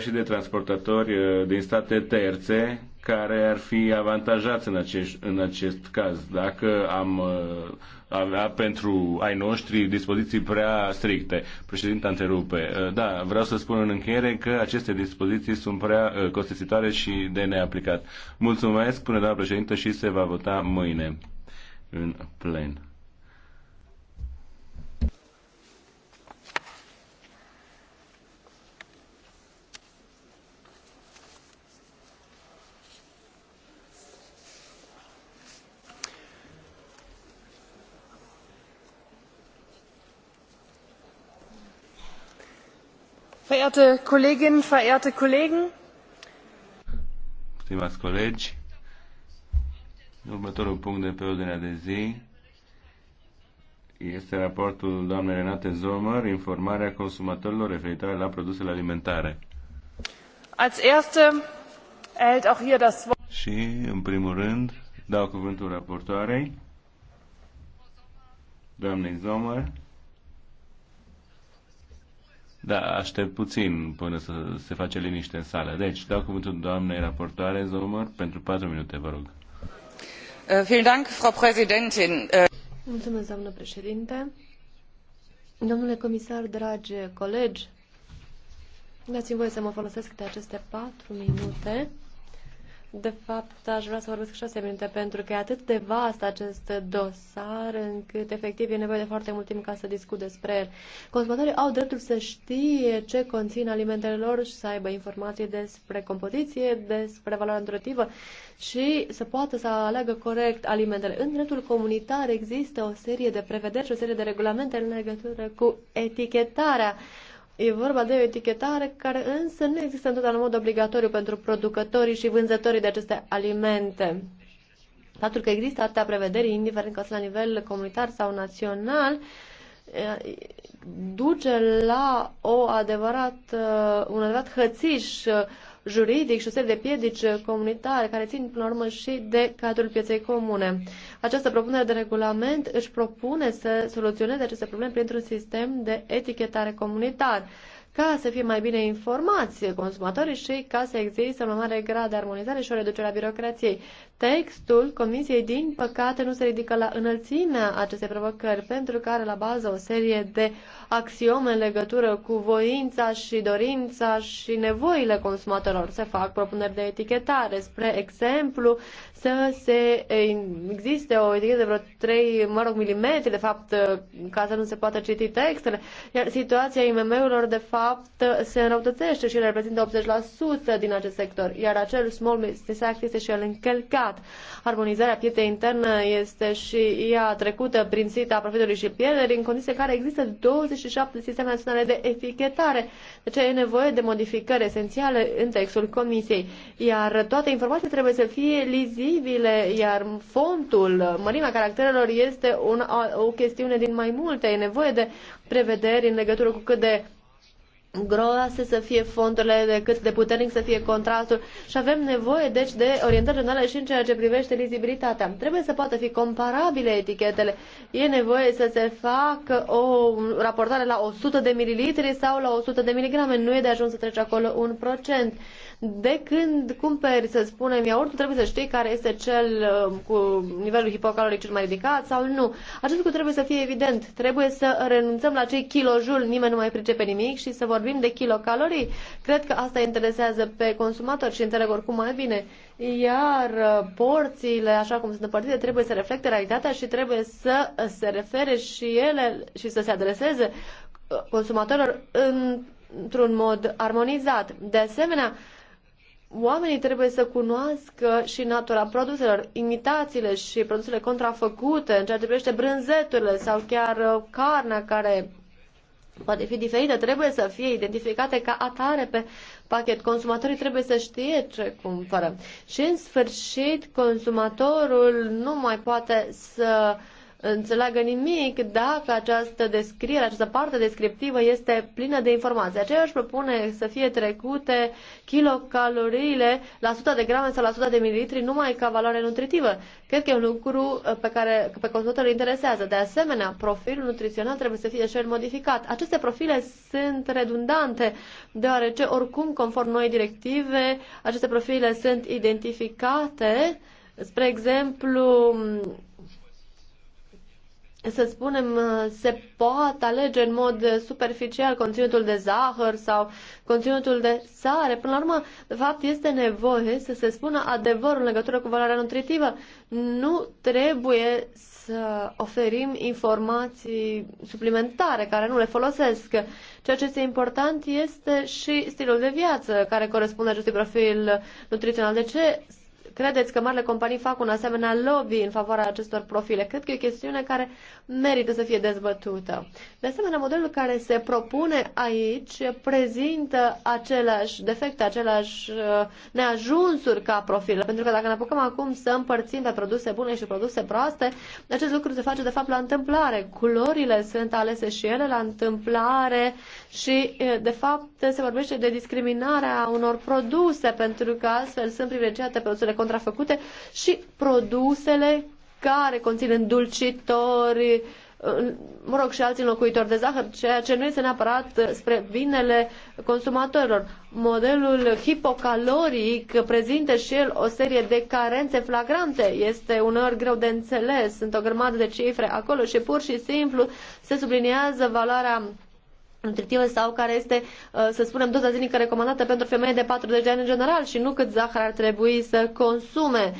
și de transportatori eh, din state terțe care ar fi avantajați în acest, în acest caz. Dacă am eh, avea pentru ai noștri dispoziții prea stricte. Președinte, întrerupe. Eh, da, vreau să spun în încheiere că aceste dispoziții sunt prea costisitoare și de neaplicat. Mulțumesc, până la președinte, și se va vota mâine în plen. verehrte Kolleginnen, verehrte Kollegen. Stimați colegi, următorul punct de pe ordinea de zi este raportul doamnei Renate Zomer, informarea consumatorilor referitoare la produsele alimentare. Als erste erhält auch hier das Wort. Și, în primul rând, dau cuvântul raportoarei, doamnei Zomer. Da, aștept puțin până să se face liniște în sală. Deci, dau cuvântul doamnei raportoare Zomăr pentru 4 minute, vă rog. Äh, äh, Mulțumesc, doamnă președinte. Domnule comisar, dragi colegi, dați-mi voie să mă folosesc de aceste patru minute de fapt, aș vrea să vorbesc șase minute, pentru că e atât de vast acest dosar, încât efectiv e nevoie de foarte mult timp ca să discut despre el. Consumatorii au dreptul să știe ce conțin alimentele lor și să aibă informații despre compoziție, despre valoarea nutritivă și să poată să aleagă corect alimentele. În dreptul comunitar există o serie de prevederi și o serie de regulamente în legătură cu etichetarea E vorba de o etichetare care însă nu există întotdeauna în mod obligatoriu pentru producătorii și vânzătorii de aceste alimente. Faptul că există atâtea prevederi, indiferent că sunt la nivel comunitar sau național, duce la o adevărat, uh, un adevărat hățiș uh, juridic și o serie de piedici comunitare care țin până la urmă și de cadrul pieței comune. Această propunere de regulament își propune să soluționeze aceste probleme printr-un sistem de etichetare comunitar ca să fie mai bine informați consumatorii și ca să existe un mai mare grad de armonizare și o reducere a birocrației. Textul Comisiei, din păcate, nu se ridică la înălțimea acestei provocări, pentru că are la bază o serie de axiome în legătură cu voința și dorința și nevoile consumatorilor. Se fac propuneri de etichetare, spre exemplu, să se existe o etichetă de vreo 3, mă rog, milimetri, de fapt, ca să nu se poată citi textele, iar situația IMM-urilor, de fapt, se înrăutățește și reprezintă 80% din acest sector, iar acel small business act este și el încălcat stat. Armonizarea pieței interne este și ea trecută prin sita profitului și pierderii, în condiții în care există 27 sisteme naționale de etichetare. Deci e nevoie de modificări esențiale în textul Comisiei, iar toate informațiile trebuie să fie lizibile, iar fontul, mărimea caracterelor este un, o, o chestiune din mai multe. E nevoie de prevederi în legătură cu cât de groase să fie fondurile, de cât de puternic să fie contrastul și avem nevoie deci de orientări generale și în ceea ce privește lizibilitatea. Trebuie să poată fi comparabile etichetele. E nevoie să se facă o raportare la 100 de mililitri sau la 100 de miligrame. Nu e de ajuns să treci acolo un procent. De când cumperi, să spunem, iaurtul, trebuie să știi care este cel uh, cu nivelul hipocaloric cel mai ridicat sau nu. Acest lucru trebuie să fie evident. Trebuie să renunțăm la cei kilojul, nimeni nu mai pricepe nimic și să vorbim de kilocalorii. Cred că asta interesează pe consumator și înțeleg oricum mai bine. Iar uh, porțiile, așa cum sunt împărțite, trebuie să reflecte realitatea și trebuie să se refere și ele și să se adreseze uh, consumatorilor în într-un mod armonizat. De asemenea, Oamenii trebuie să cunoască și natura produselor, imitațiile și produsele contrafăcute în ceea ce privește brânzeturile sau chiar uh, carnea care poate fi diferită, trebuie să fie identificate ca atare pe pachet. Consumatorii trebuie să știe ce cumpără. Și în sfârșit, consumatorul nu mai poate să uh, înțeleagă nimic dacă această descriere, această parte descriptivă este plină de informații. Aceea își propune să fie trecute kilocaloriile la 100 de grame sau la 100 de mililitri numai ca valoare nutritivă. Cred că e un lucru uh, pe care pe consumatorul interesează. De asemenea, profilul nutrițional trebuie să fie și el modificat. Aceste profile sunt redundante, deoarece oricum, conform noi directive, aceste profile sunt identificate Spre exemplu, să spunem, uh, se poate alege în mod superficial conținutul de zahăr sau conținutul de sare. Până la urmă, de fapt, este nevoie să se spună adevărul în legătură cu valoarea nutritivă. Nu trebuie să oferim informații suplimentare care nu le folosesc. Ceea ce este important este și stilul de viață care corespunde acestui profil nutrițional. De ce Credeți că marile companii fac un asemenea lobby în favoarea acestor profile? Cred că e o chestiune care merită să fie dezbătută. De asemenea, modelul care se propune aici prezintă aceleași defecte, aceleași uh, neajunsuri ca profil. Pentru că dacă ne apucăm acum să împărțim pe produse bune și produse proaste, acest lucru se face de fapt la întâmplare. Culorile sunt alese și ele la întâmplare și uh, de fapt se vorbește de discriminarea unor produse pentru că astfel sunt privilegiate produsele contrafăcute și produsele care conțin îndulcitori, mă rog, și alți înlocuitori de zahăr, ceea ce nu este neapărat spre binele consumatorilor. Modelul hipocaloric prezintă și el o serie de carențe flagrante. Este uneori greu de înțeles, sunt o grămadă de cifre acolo și pur și simplu se subliniază valoarea nutritivă sau care este, uh, să spunem, doza zilnică recomandată pentru femei de 40 de ani în general și nu cât zahăr ar trebui să consume.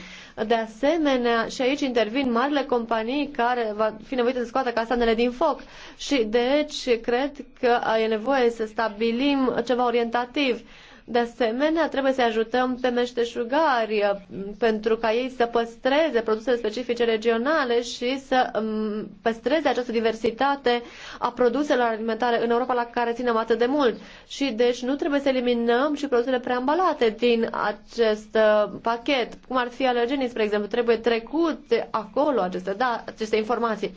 De asemenea, și aici intervin marile companii care va fi nevoite să scoată castanele din foc. Și deci cred că e nevoie să stabilim ceva orientativ de asemenea, trebuie să ajutăm pe meșteșugari uh, pentru ca ei să păstreze produsele specifice regionale și să um, păstreze această diversitate a produselor alimentare în Europa la care ținem atât de mult. Și deci nu trebuie să eliminăm și produsele preambalate din acest uh, pachet, cum ar fi alergenii, spre exemplu. Trebuie trecut acolo aceste, da, aceste informații.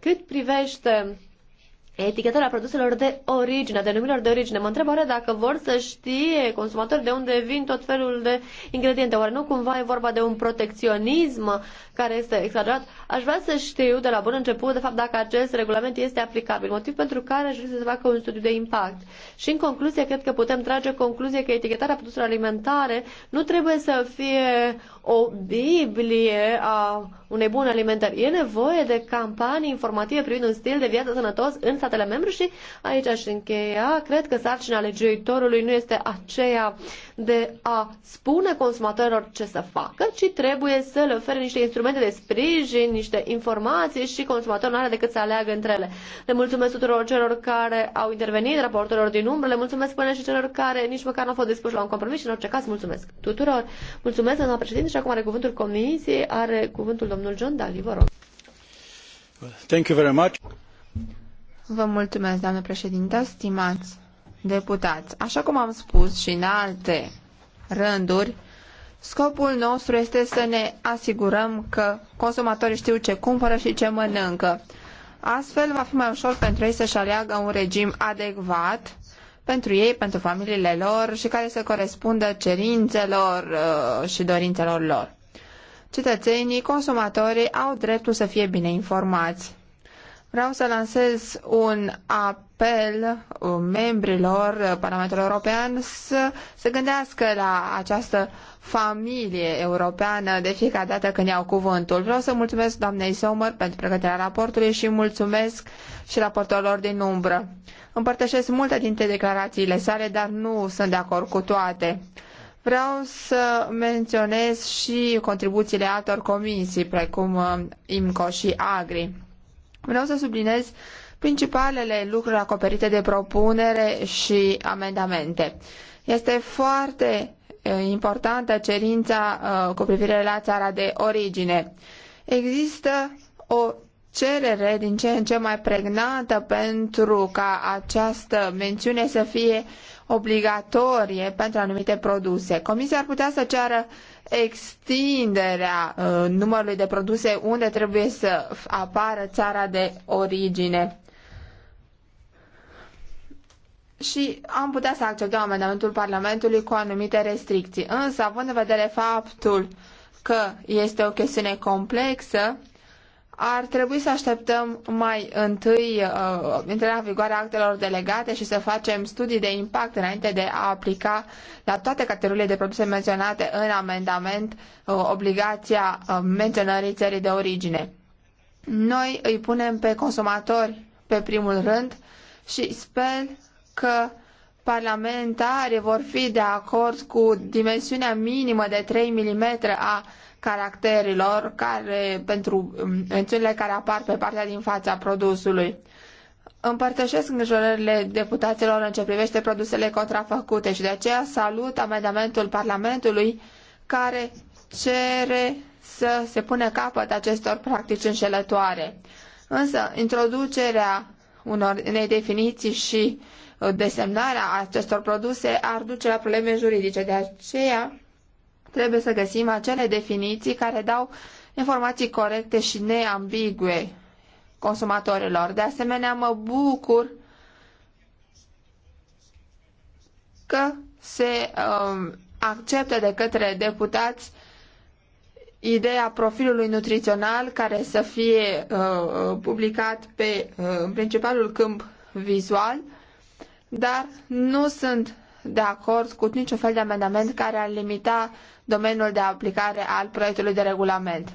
Cât privește etichetarea produselor de origine, denumirilor de origine. Mă întreb oare dacă vor să știe consumatorii de unde vin tot felul de ingrediente. Oare nu cumva e vorba de un protecționism care este exagerat? Aș vrea să știu de la bun început, de fapt, dacă acest regulament este aplicabil, motiv pentru care aș vrea să se facă un studiu de impact. Și în concluzie, cred că putem trage concluzie că etichetarea produselor alimentare nu trebuie să fie o Biblie a unei bune alimentări. E nevoie de campanii informative privind un stil de viață sănătos în statele membre și aici aș încheia. Cred că sarcina legiuitorului nu este aceea de a spune consumatorilor ce să facă, ci trebuie să le ofere niște instrumente de sprijin, niște informații și consumatorul nu are decât să aleagă între ele. Le mulțumesc tuturor celor care au intervenit, raportorilor din umbră, le mulțumesc până și celor care nici măcar nu au fost dispuși la un compromis și în orice caz mulțumesc tuturor. Mulțumesc, doamna președinte, și acum are cuvântul comisiei, are cuvântul domnul John Daly, vă rog. Thank you very much. Vă mulțumesc, doamnă președinte, stimați deputați. Așa cum am spus și în alte rânduri, scopul nostru este să ne asigurăm că consumatorii știu ce cumpără și ce mănâncă. Astfel va fi mai ușor pentru ei să-și aleagă un regim adecvat pentru ei, pentru familiile lor și care să corespundă cerințelor uh, și dorințelor lor. Cetățenii, consumatorii au dreptul să fie bine informați. Vreau să lansez un apel uh, membrilor uh, Parlamentului European să se gândească la această familie europeană de fiecare dată când iau cuvântul. Vreau să mulțumesc doamnei Sommer pentru pregătirea raportului și mulțumesc și raportorilor din umbră. Împărtășesc multe dintre declarațiile sale, dar nu sunt de acord cu toate. Vreau să menționez și contribuțiile altor comisii, precum uh, IMCO și AGRI. Vreau să subliniez principalele lucruri acoperite de propunere și amendamente. Este foarte uh, importantă cerința uh, cu privire la țara de origine. Există o cerere din ce în ce mai pregnantă pentru ca această mențiune să fie obligatorie pentru anumite produse. Comisia ar putea să ceară extinderea uh, numărului de produse unde trebuie să apară țara de origine. Și am putea să acceptăm amendamentul Parlamentului cu anumite restricții. Însă, având în vedere faptul că este o chestiune complexă, ar trebui să așteptăm mai întâi uh, intrarea în vigoare a actelor delegate și să facem studii de impact înainte de a aplica la toate categoriile de produse menționate în amendament uh, obligația uh, menționării țării de origine. Noi îi punem pe consumatori pe primul rând și sper că parlamentarii vor fi de acord cu dimensiunea minimă de 3 mm a caracterilor care, pentru mențiunile um, care apar pe partea din fața produsului. Împărtășesc îngrijorările deputaților în ce privește produsele contrafăcute și de aceea salut amendamentul Parlamentului care cere să se pune capăt acestor practici înșelătoare. Însă, introducerea unor, unei definiții și uh, desemnarea acestor produse ar duce la probleme juridice. De aceea, Trebuie să găsim acele definiții care dau informații corecte și neambigue consumatorilor. De asemenea, mă bucur că se um, acceptă de către deputați ideea profilului nutrițional care să fie uh, uh publicat pe uh, principalul câmp vizual, dar nu sunt de acord cu niciun fel de amendament care ar limita domeniul de aplicare al proiectului de regulament.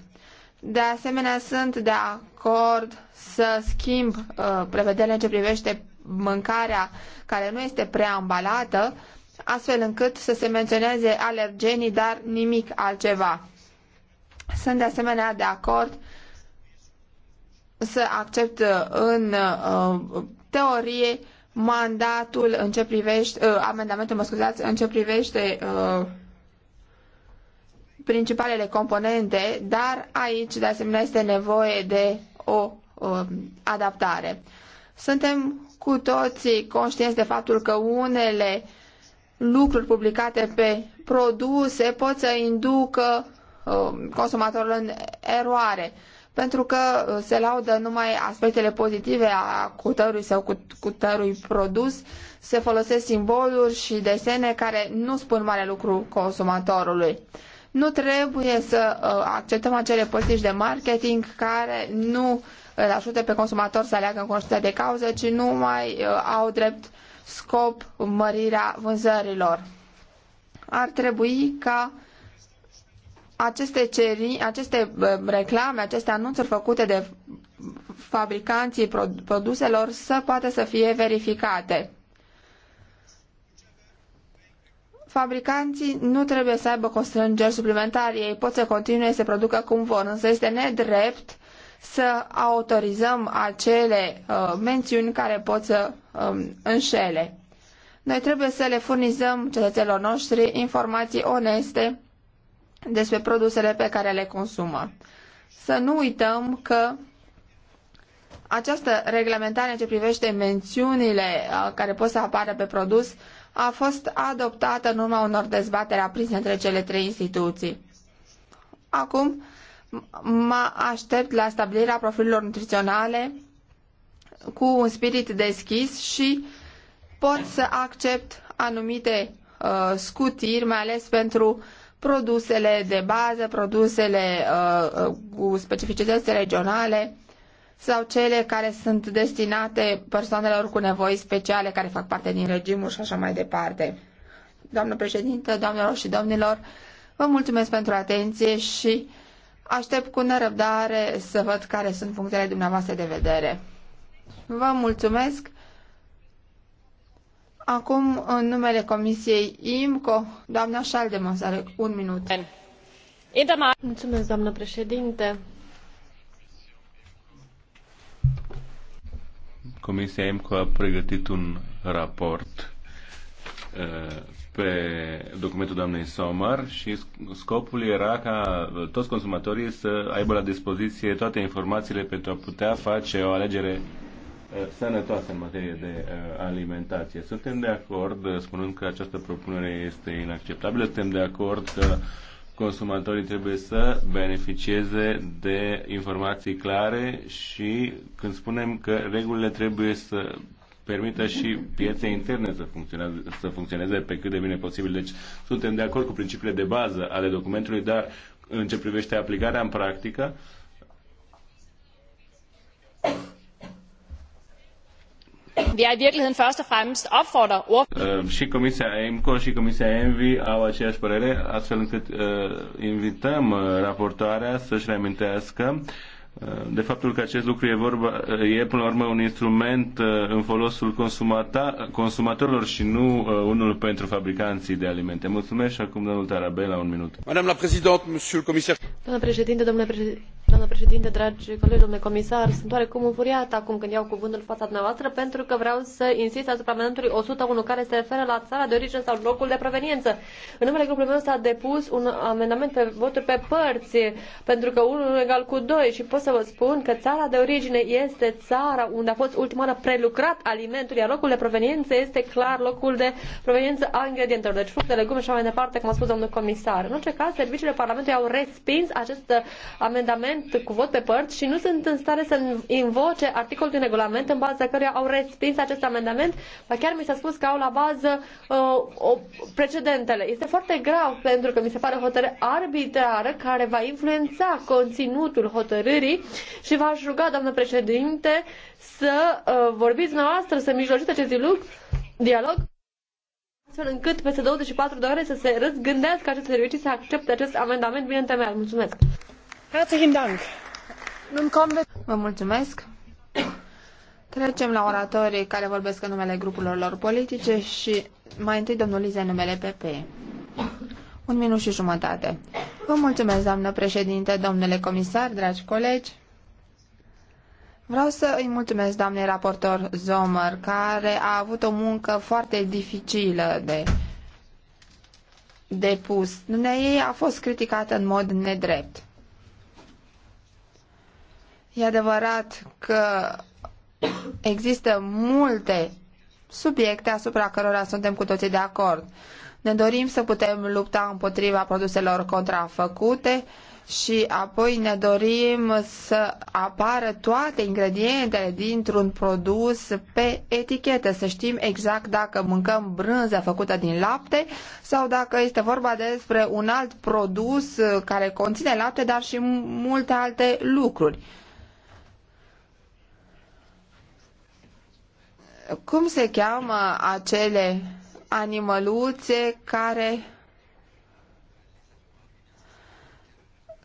De asemenea, sunt de acord să schimb uh, prevederile în ce privește mâncarea care nu este preambalată, astfel încât să se menționeze alergenii, dar nimic altceva. Sunt de asemenea de acord să accept uh, în uh, teorie mandatul în ce privește, uh, amendamentul, mă scuzați, în ce privește uh, principalele componente, dar aici de asemenea este nevoie de o uh, adaptare. Suntem cu toții conștienți de faptul că unele lucruri publicate pe produse pot să inducă uh, consumatorul în eroare. Uh, pentru că uh, se laudă numai aspectele pozitive a cutărui sau cu, cutărui produs, se folosesc simboluri și desene care nu spun mare lucru consumatorului. Nu trebuie să uh, acceptăm acele politici de marketing care nu îl ajută pe consumator să aleagă în conștiință de cauză, ci numai uh, au drept scop mărirea vânzărilor. Ar trebui ca aceste, ceri, aceste reclame, aceste anunțuri făcute de fabricanții produselor să poată să fie verificate. Fabricanții nu trebuie să aibă constrângeri suplimentare, ei pot să continue să producă cum vor, însă este nedrept să autorizăm acele uh, mențiuni care pot să um, înșele. Noi trebuie să le furnizăm cetățenilor noștri informații oneste despre produsele pe care le consumă. Să nu uităm că această reglementare în ce privește mențiunile uh, care pot să apară pe produs a fost adoptată în urma unor dezbateri aprinse între cele trei instituții. Acum mă aștept la stabilirea profilurilor nutriționale cu un spirit deschis și pot să accept anumite uh, scutiri, mai ales pentru uh, produsele de bază, produsele uh, uh cu specificități regionale sau cele care sunt destinate persoanelor cu nevoi speciale care fac parte din regimul și așa mai departe. Doamnă președintă, doamnelor și domnilor, vă mulțumesc pentru atenție și aștept cu nerăbdare să văd care sunt punctele dumneavoastră de vedere. Vă mulțumesc! Acum, în numele Comisiei IMCO, doamna Șaldemos are un minut. Mulțumesc, doamnă președinte. Comisia IMCO a pregătit un raport uh, pe documentul doamnei Somar și scopul era ca toți consumatorii să aibă la dispoziție toate informațiile pentru a putea face o alegere Uh, sănătoase în materie de uh, alimentație. Suntem de acord, uh, spunând că această propunere este inacceptabilă, suntem de acord că consumatorii trebuie să beneficieze de informații clare și când spunem că regulile trebuie să permită și piețe interne să funcționeze, să funcționeze pe cât de bine posibil. Deci suntem de acord cu principiile de bază ale documentului, dar în ce privește aplicarea în practică, uh, Și Comisia EMCO și Comisia ENVI au aceeași părere, astfel încât øh, invităm uh, raportoarea să-și reamintească Eh, de faptul că acest lucru e, vorba, eh, e până la urmă un instrument eh, în folosul consumatorilor și nu unul pentru fabricanții de alimente. Mulțumesc și acum domnul la un minut. Doamna președinte, domnule președinte, doamna președinte, dragi colegi, domnule comisar, sunt oarecum înfuriat acum când iau cuvântul în fața dumneavoastră pentru că vreau să insist asupra amendamentului 101 care se referă la țara de origine sau locul de proveniență. În numele grupului meu s-a depus un amendament pe voturi pe părți pentru că unul egal cu doi și pot să să vă spun că țara de origine este țara unde a fost ultima oară prelucrat alimentul, iar locul de proveniență este clar locul de proveniență a ingredientelor, deci fructe, legume și mai departe, cum a spus domnul comisar. În orice caz, serviciile Parlamentului au respins acest uh, amendament cu vot pe părți și nu sunt în stare să invoce articolul din regulament în baza căruia au respins acest amendament, dar chiar mi s-a spus că au la bază uh, o, precedentele. Este foarte grav pentru că mi se pare o hotărâre arbitrară care va influența conținutul hotărârii zi și v-aș ruga, doamnă președinte, să uh, vorbiți noastră, să mijlociți acest dialog astfel încât peste 24 de ore să se răzgândească aceste servicii să accepte acest amendament bine întemeiat. Mulțumesc! Herzlichen Dank! Vă mulțumesc! Trecem la oratorii care vorbesc în numele grupurilor lor politice și mai întâi domnul Liza în numele PP. Un minut și jumătate. Vă mulțumesc, doamnă președinte, domnule comisar, dragi colegi. Vreau să îi mulțumesc doamnei raportor Zomer, care a avut o muncă foarte dificilă de depus. Dumnezeu a fost criticată în mod nedrept. E adevărat că există multe subiecte asupra cărora suntem cu toții de acord. Ne dorim să putem lupta împotriva produselor contrafăcute și apoi ne dorim să apară toate ingredientele dintr-un produs pe etichetă, să știm exact dacă mâncăm brânză făcută din lapte sau dacă este vorba despre un alt produs care conține lapte, dar și multe alte lucruri. Cum se cheamă acele animăluțe care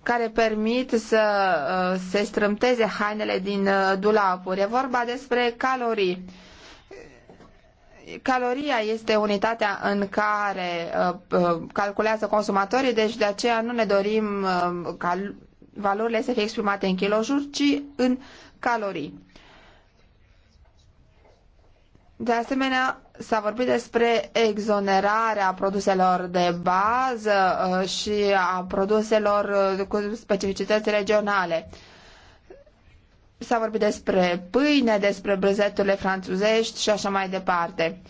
care permit să uh, se strâmteze hainele din uh, dulapuri. E vorba despre calorii. Caloria este unitatea în care uh, calculează consumatorii, deci de aceea nu ne dorim ca valorile să fie exprimate în kilojuri, ci în calorii. De asemenea, S-a vorbit despre exonerarea produselor de bază uh, și a produselor uh, cu specificități regionale. S-a vorbit despre pâine, despre brânzeturile franțuzești și așa mai departe.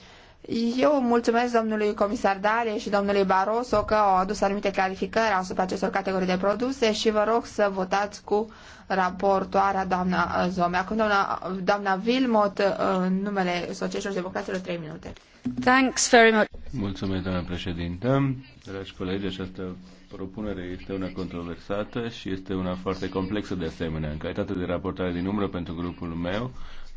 Eu mulțumesc domnului comisar Dale și domnului Barroso că au adus anumite clarificări asupra acestor categorii de produse și vă rog să votați cu raportoarea doamna uh, Zome. Acum doamna, uh, doamna Vilmot, uh, în numele Socialiștilor Democraților, 3 minute. Thanks very much. Mulțumesc, doamna președintă. Dragi colegi, această propunere este una controversată și este una foarte complexă de asemenea. În calitate de raportare din umbră pentru grupul meu,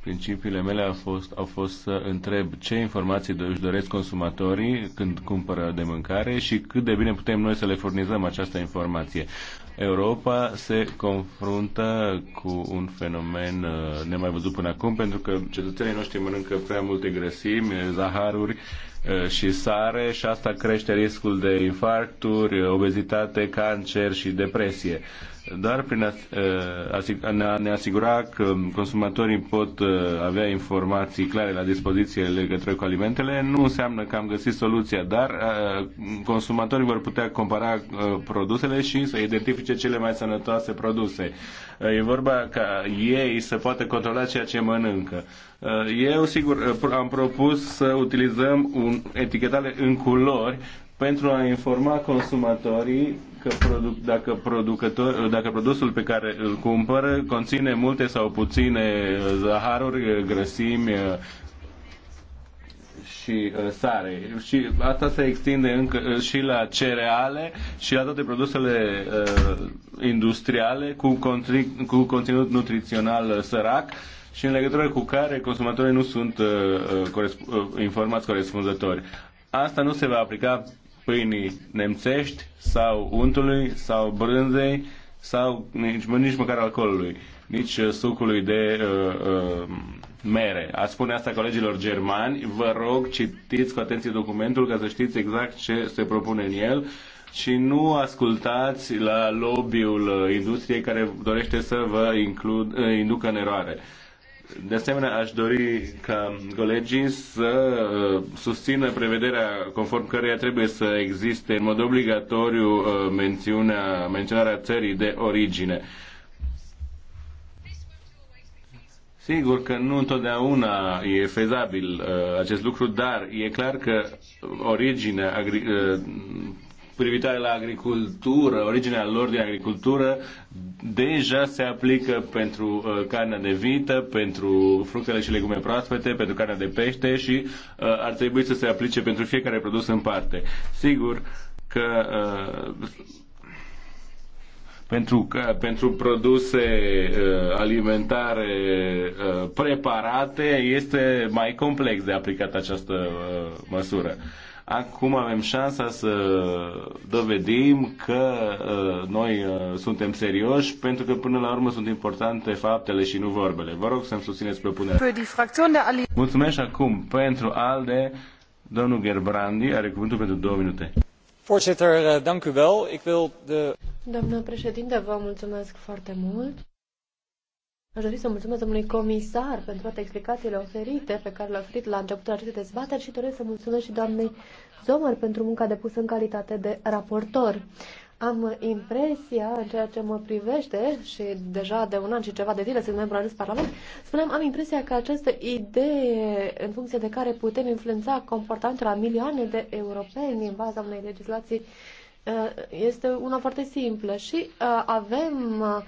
Principiile mele au fost, au fost să întreb ce informații își doresc consumatorii când cumpără de mâncare și cât de bine putem noi să le furnizăm această informație. Europa se confruntă cu un fenomen uh, nemai văzut până acum, pentru că cetățenii noștri mănâncă prea multe grăsimi, uh, zaharuri uh, și sare și asta crește riscul de infarcturi, obezitate, cancer și depresie doar prin a, a ne asigura că consumatorii pot avea informații clare la dispoziție legătură cu alimentele, nu înseamnă că am găsit soluția, dar consumatorii vor putea compara produsele și să identifice cele mai sănătoase produse. E vorba ca ei să poată controla ceea ce mănâncă. Eu, sigur, am propus să utilizăm un etichetare în culori pentru a informa consumatorii că produc, dacă, producător, dacă produsul pe care îl cumpără conține multe sau puține uh, zaharuri, uh, grăsimi, uh, și sare. Și asta se extinde încă și la cereale și la toate produsele industriale cu, contri- cu conținut nutrițional sărac și în legătură cu care consumatorii nu sunt uh, uh, informați corespunzători. Asta nu se va aplica pâinii nemțești sau untului sau brânzei sau nici, nici măcar alcoolului, nici uh, sucului de uh, uh, mere. A spune asta colegilor germani, vă rog citiți cu atenție documentul ca să știți exact ce se propune în el și nu ascultați la lobby-ul uh, industriei care dorește să vă includ, uh, inducă în eroare. De asemenea, aș dori ca colegii să uh, susțină prevederea conform căreia trebuie să existe în mod obligatoriu uh, mențiunea, menționarea țării de origine. Sigur că nu întotdeauna e fezabil uh, acest lucru, dar e clar că originea agri- uh, privitoare la agricultură, originea lor din agricultură, deja se aplică pentru uh, carnea de vită, pentru fructele și legume proaspete, pentru carnea de pește și uh, ar trebui să se aplice pentru fiecare produs în parte. Sigur că uh, pentru, că, pentru produse uh, alimentare uh, preparate este mai complex de aplicat această uh, măsură. Uh, Acum avem șansa să dovedim că uh, noi uh, suntem serioși, pentru că până la urmă sunt importante faptele și nu vorbele. Vă rog să-mi susțineți propunerea. Mulțumesc acum pentru ALDE. Domnul Gerbrandi are cuvântul pentru două minute. Voorzitter, eh, președinte, vă mulțumesc foarte mult. Aș dori să mulțumesc domnului comisar pentru toate explicațiile oferite pe care le-a oferit la începutul acestei dezbateri și doresc să mulțumesc și doamnei Zomăr pentru munca depusă în calitate de raportor. Am impresia, în ceea ce mă privește, și deja de un an și ceva de zile sunt membru acest Parlament, spuneam, am impresia că această idee în funcție de care putem influența comportamentul la milioane de europeni în baza unei legislații uh, este una foarte simplă și uh, avem uh,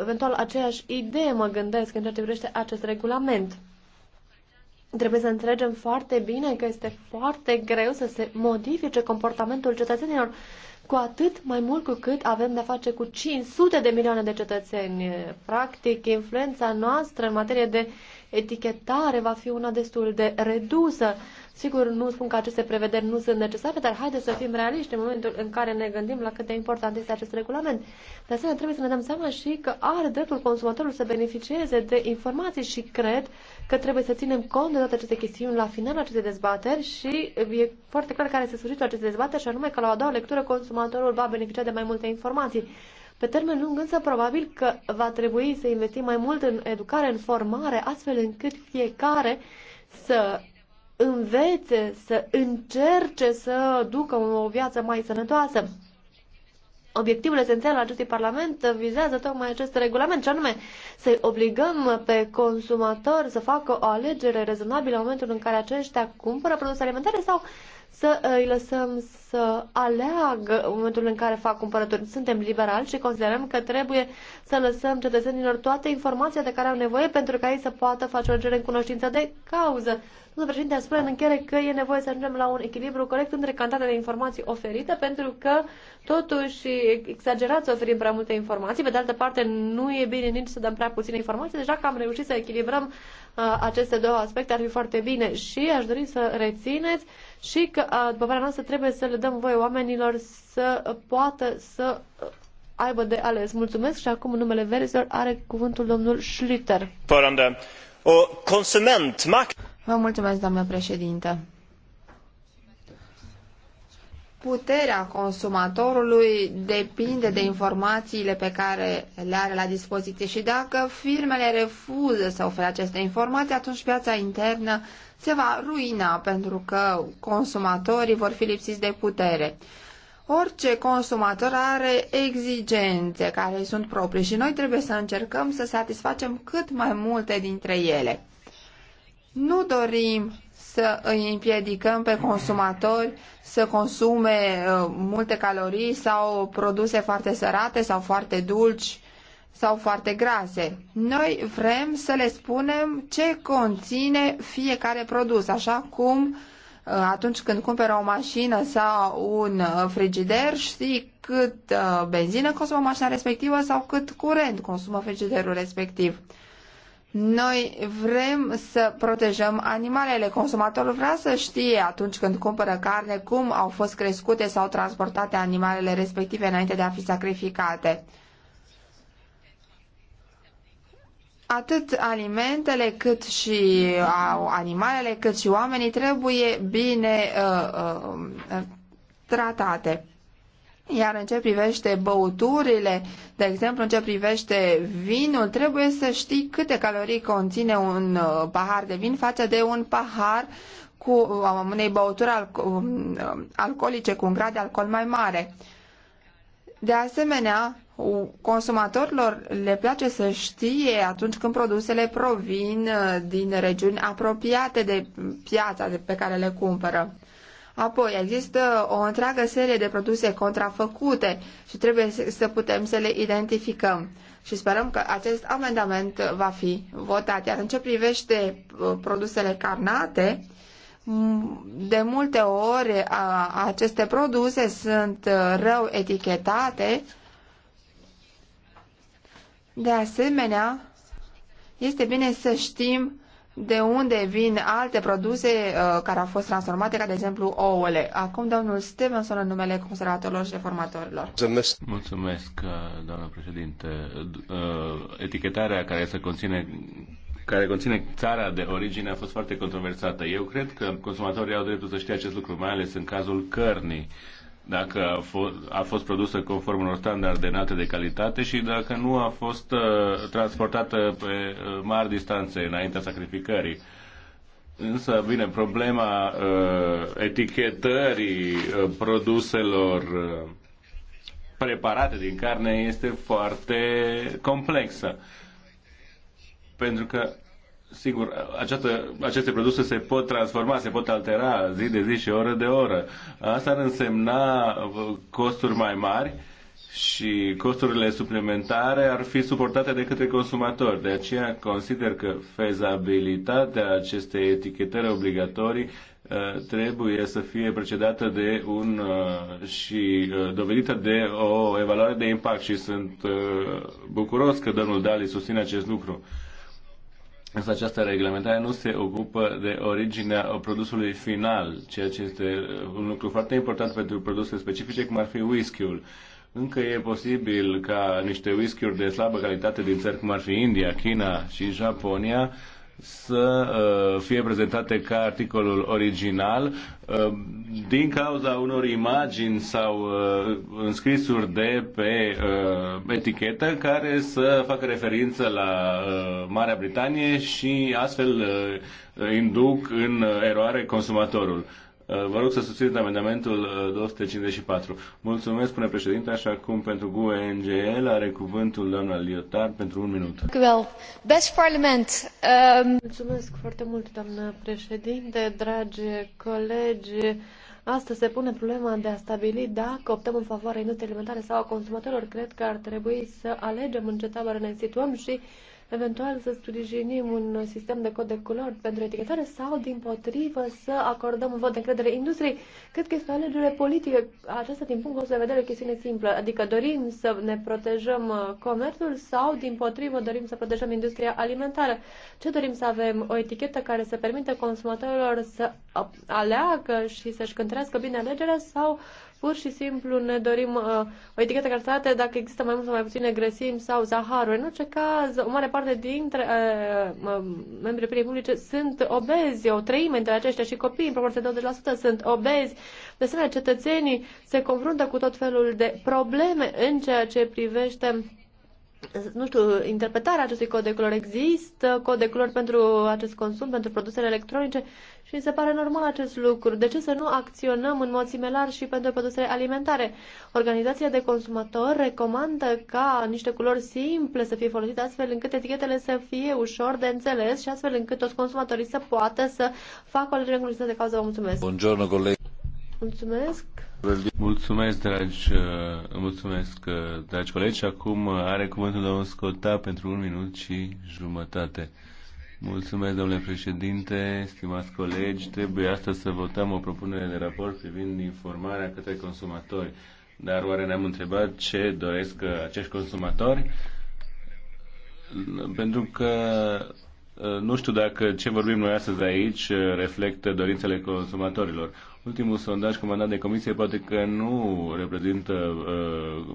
eventual aceeași idee, mă gândesc, în ceea ce privește acest regulament. Trebuie să înțelegem foarte bine că este foarte greu să se modifice comportamentul cetățenilor, cu atât mai mult cu cât avem de-a face cu 500 de milioane de cetățeni. Practic, influența noastră în materie de etichetare va fi una destul de redusă. Sigur, nu spun că aceste prevederi nu sunt necesare, dar haideți să fim realiști în momentul în care ne gândim la cât de important este acest regulament. De asemenea, trebuie să ne dăm seama și că are dreptul consumatorul să beneficieze de informații și cred că trebuie să ținem cont de toate aceste chestiuni la finalul acestei dezbateri și e foarte clar care este sfârșitul acestei dezbateri și anume că la o a doua lectură consumatorul va beneficia de mai multe informații. Pe termen lung însă probabil că va trebui să investim mai mult în educare, în formare, astfel încât fiecare să învețe, să încerce să ducă o viață mai sănătoasă. Obiectivul esențial al acestui Parlament vizează tocmai acest regulament, și anume să-i obligăm pe consumatori să facă o alegere rezonabilă în momentul în care aceștia cumpără produse alimentare sau să eh, îi lăsăm să aleagă în momentul în care fac cumpărături. Suntem liberali și considerăm că trebuie să lăsăm cetățenilor toate informația de care au nevoie pentru ca ei să poată face o alegere în cunoștință de cauză. Domnul președinte, spune în încheiere că e nevoie să ajungem la un echilibru corect între cantitatea de informații oferite, pentru că totuși exagerați să oferim prea multe informații. Pe de altă parte, nu e bine nici să dăm prea puține informații. Deja deci că am reușit să echilibrăm uh, aceste două aspecte, ar fi foarte bine. Și aș dori să rețineți și că, după părerea noastră, trebuie să le dăm voie oamenilor să poată să aibă de ales. Mulțumesc și acum în numele verzilor are cuvântul domnul Schlitter. Vă mulțumesc, doamnă președintă. Puterea consumatorului depinde de informațiile pe care le are la dispoziție și dacă firmele refuză să ofere aceste informații, atunci piața internă se va ruina pentru că consumatorii vor fi lipsiți de putere. Orice consumator are exigențe care sunt proprii și noi trebuie să încercăm să satisfacem cât mai multe dintre ele. Nu dorim să îi împiedicăm pe consumatori să consume uh, multe calorii sau produse foarte sărate sau foarte dulci sau foarte grase. Noi vrem să le spunem ce conține fiecare produs, așa cum uh, atunci când cumperi o mașină sau un uh, frigider, știi cât uh, benzină consumă mașina respectivă sau cât curent consumă frigiderul respectiv. Noi vrem să protejăm animalele. Consumatorul vrea să știe atunci când cumpără carne cum au fost crescute sau transportate animalele respective înainte de a fi sacrificate. atât alimentele cât și animalele, cât și oamenii trebuie bine uh, uh, uh, tratate. Iar în ce privește băuturile, de exemplu, în ce privește vinul, trebuie să știi câte calorii conține un uh, pahar de vin față de un pahar cu uh, unei băuturi alco um, alcoolice cu un grad de alcool mai mare. De asemenea, consumatorilor le place să știe atunci când produsele provin uh, din regiuni apropiate de piața pe care le cumpără. Apoi, există o întreagă serie de produse contrafăcute și trebuie să putem să le identificăm. Și sperăm că acest amendament va fi votat. Iar în ce privește uh, produsele carnate, de multe ori a, aceste produse sunt uh, rău etichetate. De asemenea, este bine să știm de unde vin alte produse uh, care au fost transformate, ca de exemplu ouăle. Acum domnul Stevenson în numele conservatorilor și reformatorilor. Mulțumesc, uh, doamnă președinte. Uh, etichetarea care să conține care conține țara de origine a fost foarte controversată. Eu cred că consumatorii au dreptul să știe acest lucru, mai ales în cazul cărnii dacă a fost, a fost produsă conform unor standarde înalte de calitate și dacă nu a fost uh, transportată pe uh, mari distanțe înaintea sacrificării. Însă, bine, problema uh, etichetării uh, produselor uh, preparate din carne este foarte complexă. Uh, pentru că Sigur, această, aceste produse se pot transforma, se pot altera zi de zi și oră de oră. Asta ar însemna uh, costuri mai mari și costurile suplimentare ar fi suportate de către consumatori. De aceea consider că fezabilitatea acestei etichetări obligatorii uh, trebuie să fie precedată de un uh, și dovedită de o evaluare de impact și sunt bucuros că domnul Dali susține acest lucru Însă această reglementare nu se ocupă de originea produsului final, ceea ce este uh, un lucru foarte important pentru produse specifice, cum ar fi whisky-ul. Încă e posibil ca niște whisky-uri de slabă calitate din țări cum ar fi India, China și Japonia să uh, fie prezentate ca articolul original uh, din cauza unor imagini sau uh, înscrisuri de pe etichetă care să facă referință la Marea Britanie și astfel induc în eroare consumatorul. Uh, vă rog să susțineți amendamentul 254. Uh, Mulțumesc, spune președinte, așa cum pentru GUE NGL are cuvântul doamna Liotar pentru un minut. Um, Mulțumesc foarte mult, doamnă președinte, dragi colegi. Astăzi se pune problema de a stabili dacă optăm în favoarea industriei alimentare sau a consumatorilor. Cred că ar trebui să alegem în ce tabără ne situăm și eventual să sprijinim un sistem de cod de culori pentru etichetare sau, din potrivă, să acordăm un vot de încredere industriei. Cred că este o alegere politică. Aceasta, din punctul de vedere, o chestiune simplă. Adică dorim să ne protejăm uh, comerțul sau, din potrivă, dorim să protejăm industria alimentară. Ce dorim să avem? O etichetă care să permită consumatorilor să aleagă și să-și cântărească bine alegerea sau Pur și simplu ne dorim uh, o etichetă care dacă există mai mult sau mai puține grăsimi sau zaharuri. În orice caz, o mare parte dintre uh, um, membrii opiniei publice sunt obezi, o treime dintre aceștia și copii, în proporție de 20%, sunt obezi. De asemenea, cetățenii se confruntă cu tot felul de probleme în ceea ce privește nu știu, interpretarea acestui cod de culori. Există cod de culori pentru acest consum, pentru produsele electronice și mi se pare normal acest lucru. De ce să nu acționăm în mod similar și pentru produsele alimentare? Organizația de consumatori recomandă ca niște culori simple să fie folosite astfel încât etichetele să fie ușor de înțeles și astfel încât toți consumatorii să poată să facă o alegere în de cauză. Vă mulțumesc! Buongiorno, coleg- Mulțumesc! Mulțumesc, dragi, uh, mulțumesc, uh, dragi colegi. Acum uh, are cuvântul domnul Scota pentru un minut și jumătate. Mulțumesc, domnule președinte, stimați colegi. Trebuie astăzi să votăm o propunere de raport privind informarea către consumatori. Dar oare ne-am întrebat ce doresc acești consumatori? Pentru că nu știu dacă ce vorbim noi astăzi aici reflectă dorințele consumatorilor. Ultimul sondaj comandat de comisie poate că nu reprezintă uh,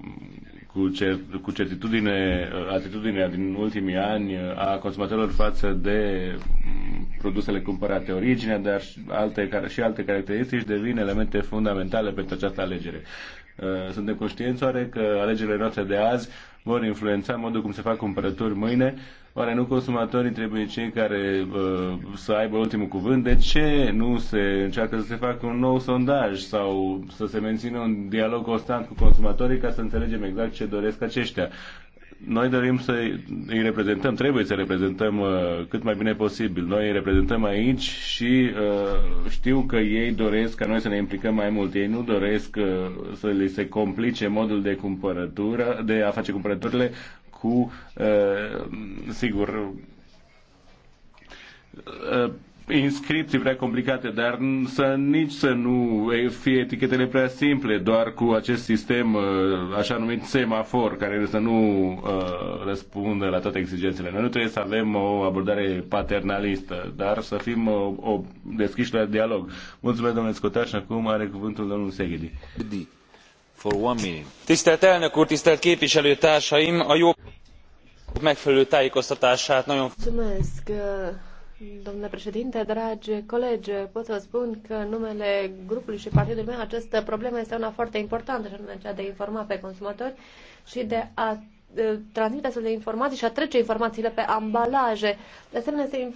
cu, cer, cu certitudine uh, atitudinea din ultimii ani a consumatorilor față de mm, produsele cumpărate, originea, dar și alte, și alte caracteristici devin elemente fundamentale pentru această alegere. Uh, suntem conștienți oare că alegerile noastre de azi vor influența modul cum se fac cumpărături mâine, Oare nu consumatorii trebuie cei care uh, să aibă ultimul cuvânt? De ce nu se încearcă să se facă un nou sondaj sau să se mențină un dialog constant cu consumatorii ca să înțelegem exact ce doresc aceștia? Noi dorim să îi reprezentăm, trebuie să reprezentăm uh, cât mai bine posibil. Noi îi reprezentăm aici și uh, știu că ei doresc ca noi să ne implicăm mai mult. Ei nu doresc uh, să li se complice modul de cumpărătură, de a face cumpărăturile cu, uh, sigur, uh, inscripții prea complicate, dar să nici să nu fie etichetele prea simple, doar cu acest sistem uh, așa numit semafor, care să nu uh, răspundă la toate exigențele. Noi nu trebuie să avem o abordare paternalistă, dar să fim o, o deschiși la dialog. Mulțumesc, domnule Scotaș, acum are cuvântul domnul Seghedi tisztelt elnök úr tisztelt képviselőtársaim! a jó gyakorlatok megfelelő tájékoztatását nagyon uh, Domnule președinte, dragi colegi, pot să vă spun că în numele grupului și partidului meu această problemă este una foarte importantă, și anume cea de a informa pe consumatori și de a transmite astfel de informații și a trece informațiile pe ambalaje. De asemenea, este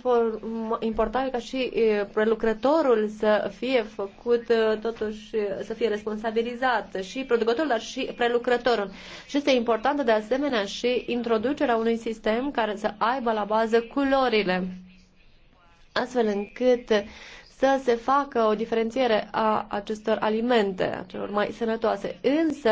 important ca și prelucrătorul să fie făcut, totuși, să fie responsabilizat și producătorul, dar și prelucrătorul. Și este importantă, de asemenea, și introducerea unui sistem care să aibă la bază culorile, astfel încât să se facă o diferențiere a acestor alimente, a celor mai sănătoase. Însă,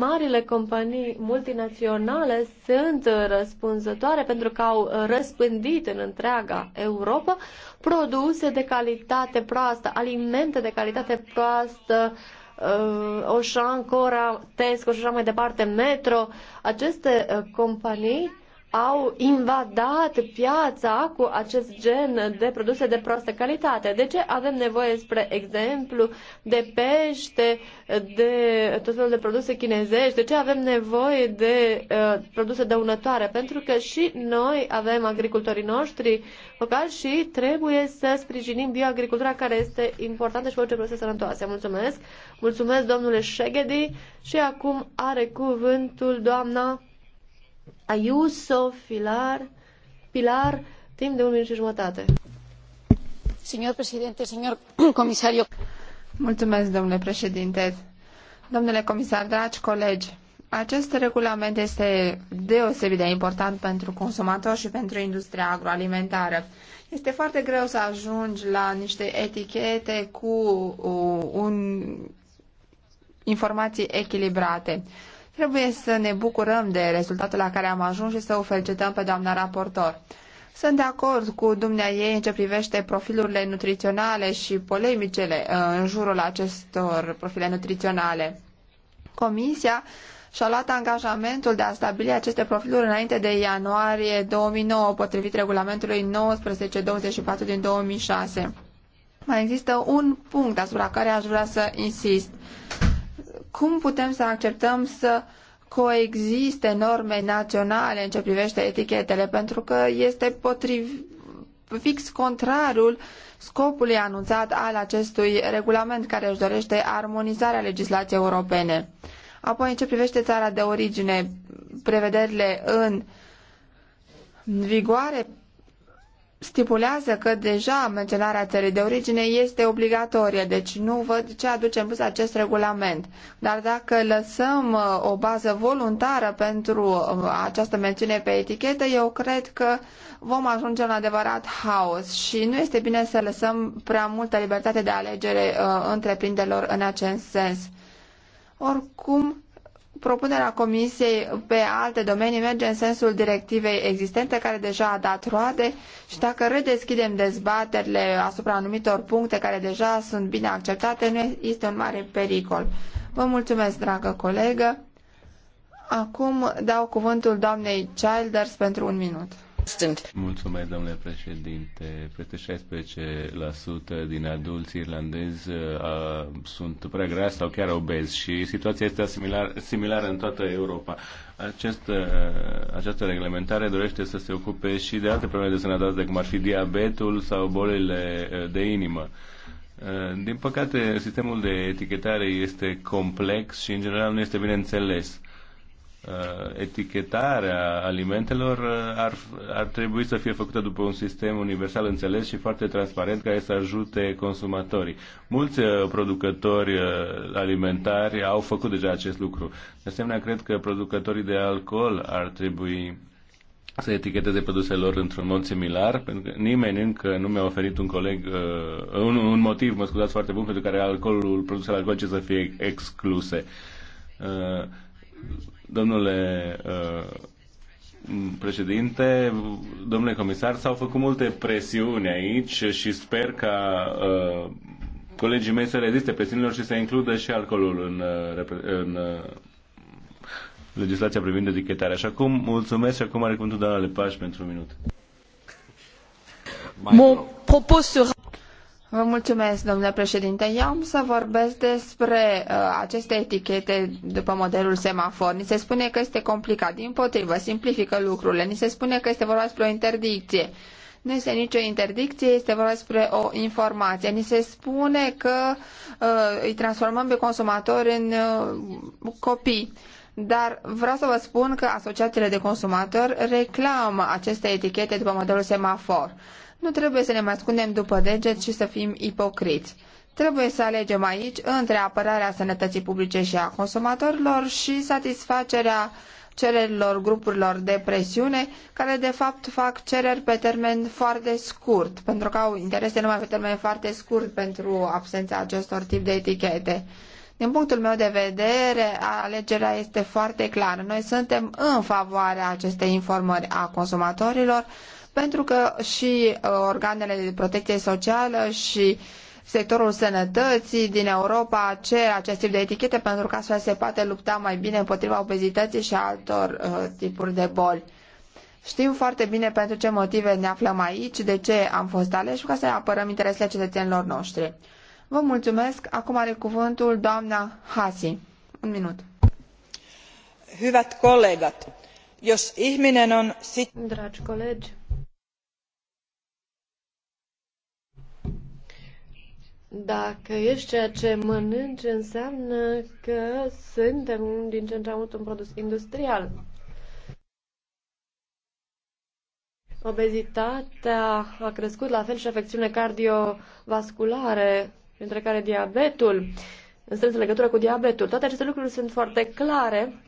Marile companii multinaționale sunt răspunzătoare pentru că au răspândit în întreaga Europa produse de calitate proastă, alimente de calitate proastă, uh, Oșan, Cora, Tesco și așa mai departe, Metro, aceste uh, companii au invadat piața cu acest gen de produse de proastă calitate. De ce avem nevoie, spre exemplu, de pește, de tot felul de produse chinezești? De ce avem nevoie de uh, produse dăunătoare? Pentru că și noi avem agricultorii noștri locali și trebuie să sprijinim bioagricultura care este importantă și orice produse sănătoase. Mulțumesc! Mulțumesc, domnule Șeghedi! Și acum are cuvântul doamna Ayuso, Pilar, Pilar, timp de un minut și jumătate. Señor președinte, señor comisario. Mulțumesc, domnule președinte. Domnule comisar, dragi colegi, acest regulament este deosebit de important pentru consumatori și pentru industria agroalimentară. Este foarte greu să ajungi la niște etichete cu uh, un, informații echilibrate. Trebuie să ne bucurăm de rezultatul la care am ajuns și să o felicităm pe doamna raportor. Sunt de acord cu dumnea ei în ce privește profilurile nutriționale și polemicele uh, în jurul acestor profile nutriționale. Comisia și-a luat angajamentul de a stabili aceste profiluri înainte de ianuarie 2009, potrivit regulamentului 1924 din 2006. Mai există un punct asupra care aș vrea să insist cum putem să acceptăm să coexiste norme naționale în ce privește etichetele, pentru că este potriv, fix contrarul scopului anunțat al acestui regulament care își dorește armonizarea legislației europene. Apoi, în ce privește țara de origine, prevederile în vigoare stipulează că deja menționarea țării de origine este obligatorie, deci nu văd ce aduce în plus acest regulament. Dar dacă lăsăm uh, o bază voluntară pentru uh, această mențiune pe etichetă, eu cred că vom ajunge în adevărat haos și nu este bine să lăsăm prea multă libertate de alegere uh, întreprinderilor în acest sens. Oricum, propunerea Comisiei pe alte domenii merge în sensul directivei existente care deja a dat roade și dacă redeschidem dezbaterile asupra anumitor puncte care deja sunt bine acceptate, nu este un mare pericol. Vă mulțumesc, dragă colegă. Acum dau cuvântul doamnei Childers pentru un minut constant. Mulțumesc, domnule președinte. Peste 16% din adulți irlandezi uh, sunt prea grași sau chiar obezi și situația este similar, similară în toată Europa. Acest, uh, această reglementare dorește să se ocupe și de alte probleme de sănătate, cum ar fi diabetul sau bolile uh, de inimă. Uh, din păcate, sistemul de etichetare este complex și, în general, nu este bine înțeles Uh, etichetarea alimentelor uh, ar, ar trebui să fie făcută după un sistem universal înțeles și foarte transparent care să ajute consumatorii. Mulți uh, producători alimentari au făcut deja acest lucru. De asemenea, cred că producătorii de alcool ar trebui să eticheteze produsele lor într-un mod similar, pentru că nimeni încă nu mi-a oferit un coleg, uh, un, un motiv, mă scuzați foarte bun, pentru care alcoolul, produsele alcoolice să fie excluse. Uh, Domnule uh, președinte, domnule comisar, s-au făcut multe presiuni aici și sper ca uh, colegii mei să reziste presiunilor și să includă și alcoolul în, uh, în legislația privind etichetarea. Așa cum mulțumesc și acum are cuvântul doamna Lepaș pentru un minut. Mon propos sera... Vă mulțumesc, domnule președinte. Eu am să vorbesc despre uh, aceste etichete după modelul semafor. Ni se spune că este complicat. Din potrivă, simplifică lucrurile. Ni se spune că este vorba despre o interdicție. Nu este nicio interdicție, este vorba despre o informație. Ni se spune că uh, îi transformăm pe consumatori în uh, copii. Dar vreau să vă spun că asociațiile de consumatori reclamă aceste etichete după modelul semafor. Nu trebuie să ne mai ascundem după deget și să fim ipocriți. Trebuie să alegem aici între apărarea sănătății publice și a consumatorilor și satisfacerea cererilor grupurilor de presiune, care de fapt fac cereri pe termen foarte scurt, pentru că au interese numai pe termen foarte scurt pentru absența acestor tip de etichete. Din punctul meu de vedere, alegerea este foarte clară. Noi suntem în favoarea acestei informări a consumatorilor, pentru că și uh, organele de protecție socială și sectorul sănătății din Europa cer acest tip de etichete pentru că astfel se poate lupta mai bine împotriva obezității și altor uh, tipuri de boli. Știm foarte bine pentru ce motive ne aflăm aici, de ce am fost aleși, ca să apărăm interesele cetățenilor noștri. Vă mulțumesc. Acum are cuvântul doamna Hasi. Un minut. Hyvät kollegat, jos ihminen on... Dragi colegi, Dacă ești ceea ce mănânci, înseamnă că suntem din ce în ce mai mult un produs industrial. Obezitatea a crescut, la fel și afecțiune cardiovasculare, printre care diabetul, în strânsă legătură cu diabetul. Toate aceste lucruri sunt foarte clare.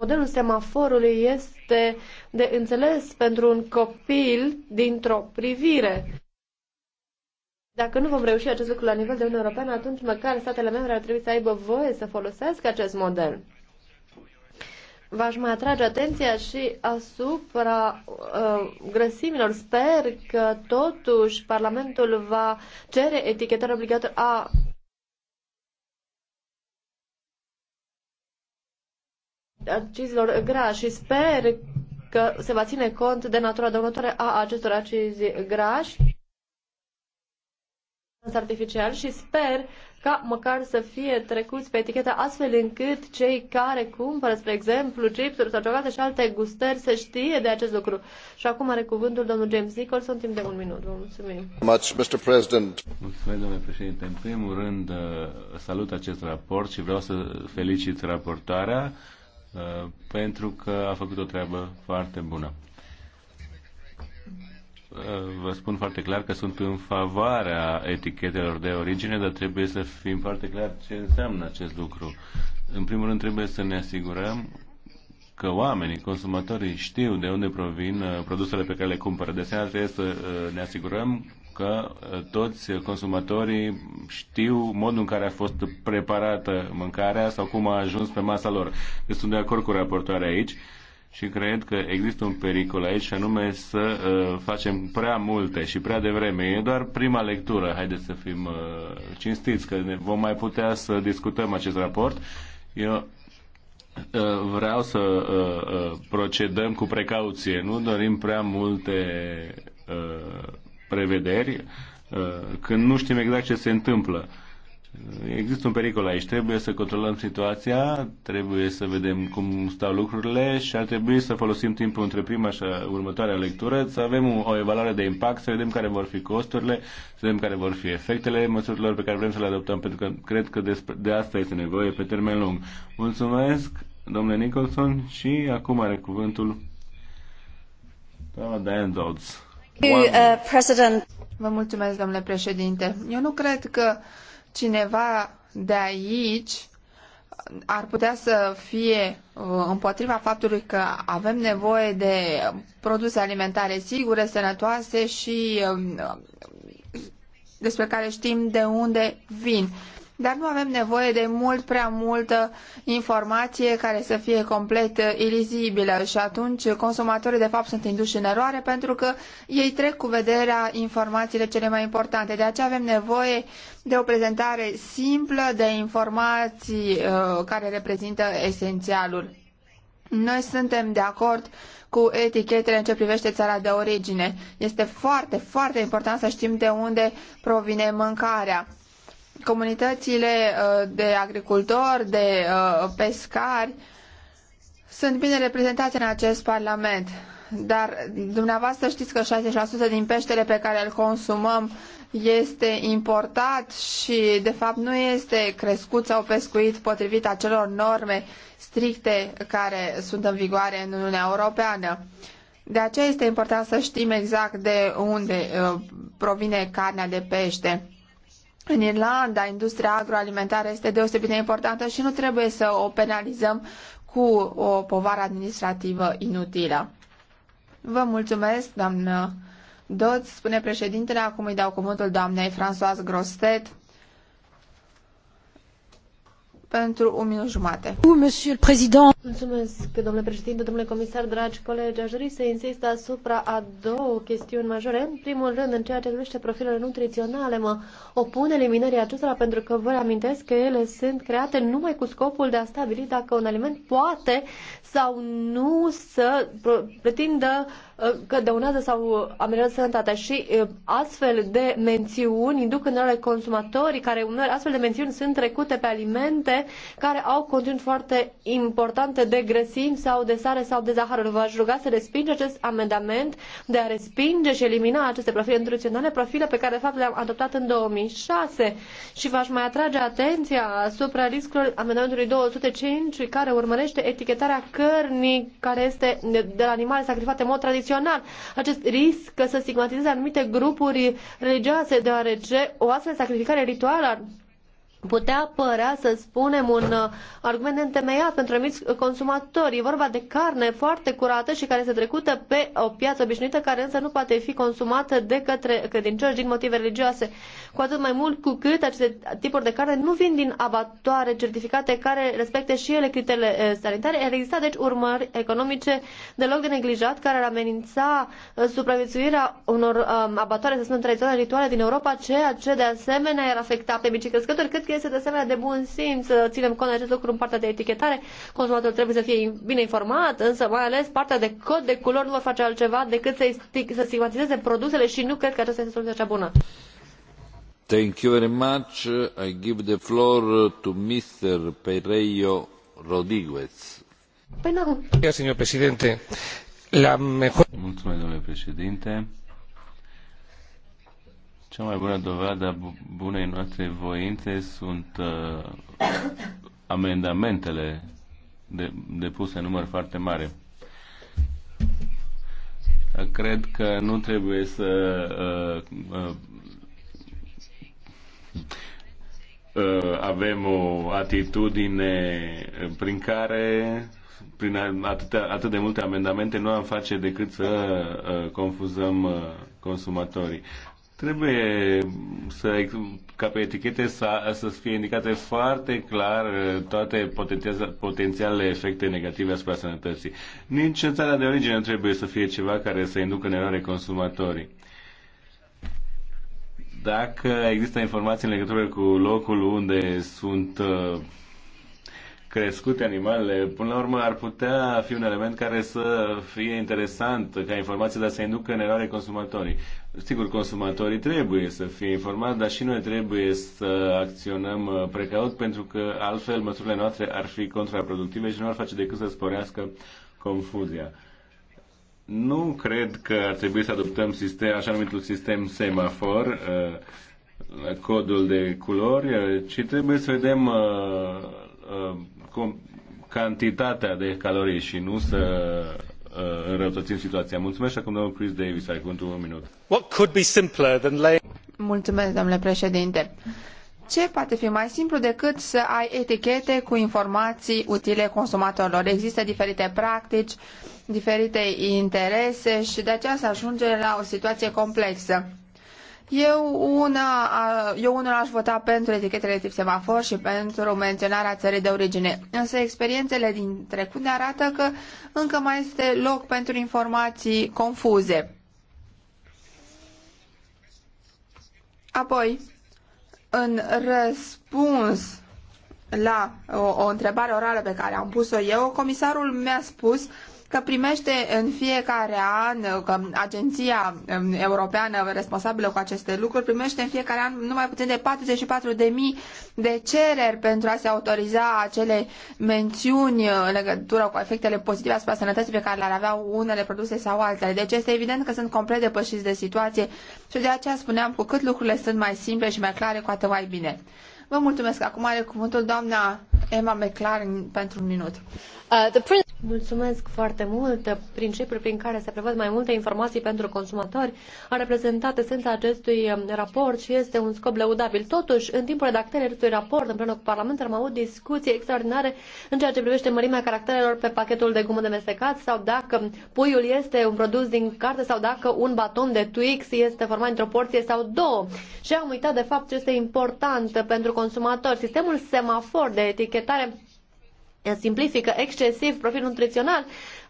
Modelul semaforului este de înțeles pentru un copil dintr-o privire. Dacă nu vom reuși acest lucru la nivel de Uniune Europeană, atunci măcar statele membre ar trebui să aibă voie să folosească acest model. V-aș mai atrage atenția și asupra uh, grăsimilor. Sper că totuși Parlamentul va cere etichetarea obligatorie a acizilor grași și sper că se va ține cont de natura dăunătoare a acestor acizi grași artificial și sper ca măcar să fie trecuți pe etichetă astfel încât cei care cumpără, spre exemplu, chipsuri sau ciocolate și alte gustări să știe de acest lucru. Și acum are cuvântul domnul James Nicholson timp de un minut. Vă mulțumim. Much, Mr. President. Mulțumesc, domnule președinte. În primul rând, uh, salut acest raport și vreau să felicit raportoarea uh, pentru că a făcut o treabă foarte bună vă spun foarte clar că sunt în favoarea etichetelor de origine, dar trebuie să fim foarte clar ce înseamnă acest lucru. În primul rând trebuie să ne asigurăm că oamenii, consumatorii știu de unde provin uh, produsele pe care le cumpără. De asemenea, trebuie să uh, ne asigurăm că uh, toți consumatorii știu modul în care a fost preparată mâncarea sau cum a ajuns pe masa lor. Deci sunt de acord cu raportoarea aici și cred că există un pericol aici și anume să uh, facem prea multe și prea devreme. E doar prima lectură, haideți să fim uh, cinstiți că ne vom mai putea să discutăm acest raport. Eu uh, vreau să uh, uh, procedăm cu precauție, nu dorim prea multe prevederi când nu știm exact ce se întâmplă. Există un pericol aici. Trebuie să controlăm situația, trebuie să vedem cum stau lucrurile și ar trebui să folosim timpul între prima și următoarea lectură, să avem o evaluare de impact, să vedem care vor fi costurile, să vedem care vor fi efectele măsurilor pe care vrem să le adoptăm, pentru că cred că de asta este nevoie pe termen lung. Mulțumesc, domnule Nicholson, și acum are cuvântul doamna Diane Dodds. Uh, Vă mulțumesc, domnule președinte. Eu nu cred că cineva de aici ar putea să fie uh, împotriva faptului că avem nevoie de produse alimentare sigure, sănătoase și um, despre care știm de unde vin dar nu avem nevoie de mult prea multă informație care să fie complet uh, ilizibilă și atunci consumatorii de fapt sunt induși în eroare pentru că ei trec cu vederea informațiile cele mai importante. De aceea avem nevoie de o prezentare simplă de informații uh, care reprezintă esențialul. Noi suntem de acord cu etichetele în ce privește țara de origine. Este foarte, foarte important să știm de unde provine mâncarea comunitățile uh, de agricultori, de uh, pescari sunt bine reprezentate în acest Parlament. Dar dumneavoastră știți că 60% din peștele pe care îl consumăm este importat și de fapt nu este crescut sau pescuit potrivit acelor norme stricte care sunt în vigoare în Uniunea Europeană. De aceea este important să știm exact de unde uh, provine carnea de pește în Irlanda, industria agroalimentară este deosebit de importantă și nu trebuie să o penalizăm cu o povară administrativă inutilă. Vă mulțumesc, doamnă Dodds. spune președintele. Acum îi dau cuvântul doamnei François Grostet pentru un minut jumate. Monsieur le Président, Mulțumesc, domnule președinte, domnule comisar, dragi colegi. Aș dori să insist asupra a două chestiuni majore. În primul rând, în ceea ce privește profilele nutriționale, mă opun eliminării acestora pentru că vă amintesc că ele sunt create numai cu scopul de a stabili dacă un aliment poate sau nu să pretindă uh, că dăunează sau ameliorează sănătatea și uh, astfel de mențiuni induc în ale consumatorii care uneori astfel de mențiuni sunt trecute pe alimente care au conținut foarte important carburante, de grăsimi sau de sare sau de zahăr. V-aș ruga să respinge acest amendament de a respinge și elimina aceste profile nutriționale, profile pe care de fapt le-am adoptat în 2006 și v-aș mai atrage atenția asupra riscului amendamentului 205 care urmărește etichetarea cărnii care este de la animale sacrificate în mod tradițional. Acest risc să stigmatizeze anumite grupuri religioase deoarece o astfel de sacrificare rituală putea părea, să spunem, un uh, argument întemeiat pentru anumiți consumatori. E vorba de carne foarte curată și care este trecută pe o piață obișnuită, care însă nu poate fi consumată de către credincioși din motive religioase. Cu atât mai mult cu cât aceste tipuri de carne nu vin din abatoare certificate care respecte și ele criteriile uh, sanitare. Ar exista deci urmări economice deloc de neglijat care ar amenința uh, supraviețuirea unor um, abatoare, să spunem, tradiționale rituale din Europa, ceea ce de asemenea ar afecta pe micii crescători, cât că este de asemenea de bun simț să ținem cont de acest lucru în partea de etichetare. Consumatorul trebuie să fie bine informat, însă mai ales partea de cod de culori nu va face altceva decât să, să stigmatizeze produsele și nu cred că aceasta este soluția cea bună. Thank you very much. I give the floor to Mr. Pereio Rodriguez. Păi, señor presidente. La mejor... Mulțumesc, domnule președinte. Cea mai bună dovadă a bunei noastre voințe sunt uh, amendamentele de, depuse în număr foarte mare. Cred că nu trebuie să uh, uh, uh, avem o atitudine prin care prin atâtea, atât de multe amendamente nu am face decât să uh, confuzăm uh, consumatorii. Trebuie să, ca pe etichete să, să fie indicate foarte clar uh, toate potențialele efecte negative asupra sănătății. Nici în țara de origine nu trebuie să fie ceva care să inducă în eroare consumatorii dacă există informații în legătură cu locul unde sunt uh, crescute animalele, până la urmă ar putea fi un element care să fie interesant ca informație, dar să inducă în eroare consumatorii. Sigur, consumatorii trebuie să fie informați, dar și noi trebuie să acționăm uh, precaut, pentru că altfel măsurile noastre ar fi contraproductive și nu ar face decât să sporească confuzia. Nu cred că ar trebui să adoptăm sistem, așa numitul sistem semafor, uh, codul de culori, uh, ci trebuie să vedem cantitatea de calorii și nu să uh, înrăutățim situația. Mulțumesc și acum domnul Chris Davis, ai cuvântul un minut. What could be simpler than lay... Mulțumesc, domnule președinte. Ce poate fi mai simplu decât să ai etichete cu informații utile consumatorilor? Există diferite practici, diferite interese și de aceea se ajunge la o situație complexă. Eu, una, eu unul aș vota pentru etichetele tip semafor și pentru menționarea țării de origine. Însă experiențele din trecut ne arată că încă mai este loc pentru informații confuze. Apoi, în răspuns la o, o întrebare orală pe care am pus-o eu, comisarul mi-a spus uh, că primește în fiecare an, că agenția um, europeană responsabilă cu aceste lucruri primește în fiecare an numai puțin de 44.000 de cereri pentru a se autoriza acele mențiuni uh, în legătură cu efectele pozitive asupra sănătății pe care le-ar avea unele produse sau altele. Deci este evident că sunt complet depășiți de situație și de aceea spuneam cu cât lucrurile sunt mai simple și mai clare, cu atât mai bine. Vă mulțumesc. Acum are cuvântul doamna Emma McLaren pentru un minut. Uh, Mulțumesc foarte mult. Principiul prin care se prevăd mai multe informații pentru consumatori a reprezentat esența acestui um, raport și este un scop lăudabil. Totuși, în timpul redactării acestui raport, împreună cu Parlamentul, am avut discuții extraordinare în ceea ce privește mărimea caracterelor pe pachetul de gumă de mestecat sau dacă puiul este un produs din carte sau dacă un baton de Twix este format într-o porție sau două. Și am uitat de fapt ce este important pentru consumatori. Sistemul semafor de etichetare simplifică excesiv profilul nutrițional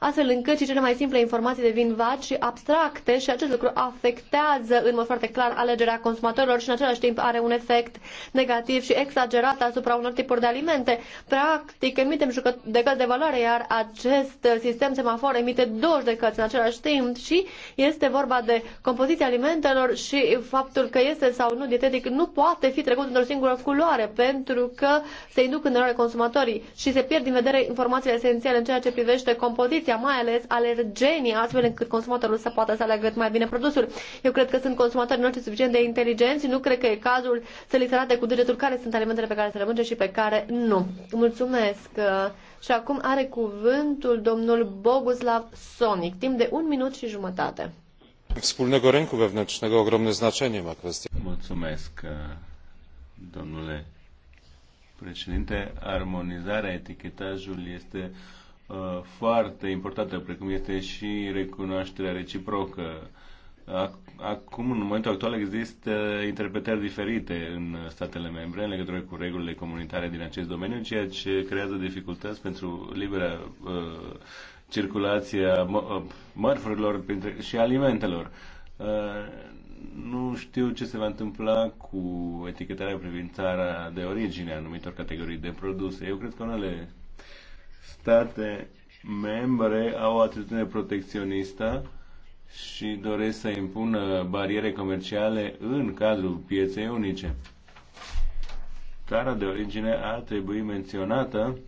astfel încât și cele mai simple informații devin vagi și abstracte și acest lucru afectează în mod foarte clar alegerea consumatorilor și în același timp are un efect negativ și exagerat asupra unor tipuri de alimente. Practic, emitem judecăți de valoare, iar acest sistem semafor emite 20 de căți în același timp și este vorba de compoziția alimentelor și faptul că este sau nu dietetic nu poate fi trecut într-o singură culoare pentru că se induc în eroare consumatorii și se pierd din vedere informațiile esențiale în ceea ce privește compoziția producția, mai ales alergenii, astfel încât consumatorul să poată să aleagă mai bine produsul. Eu cred că sunt consumatorii noștri suficient de inteligenți, nu cred că e cazul să li se arate cu degetul care sunt alimentele pe care se le și pe care nu. Mulțumesc! Și acum are cuvântul domnul Boguslav Sonic, timp de un minut și jumătate. Wspólnego rynku wewnętrznego ogromne znaczenie ma kwestia. Mulțumesc, domnule președinte. Armonizarea etichetajului este Uh, foarte importantă, precum este și recunoașterea reciprocă. Acum, în momentul actual, există interpretări diferite în statele membre în legătură cu regulile comunitare din acest domeniu, ceea ce creează dificultăți pentru libera uh, circulație a uh, mărfurilor și alimentelor. Uh, nu știu ce se va întâmpla cu etichetarea privind țara de origine a anumitor categorii de produse. Eu cred că unele state membre au o atitudine protecționistă și doresc să impună bariere comerciale în cadrul pieței unice. Țara de origine ar trebui menționată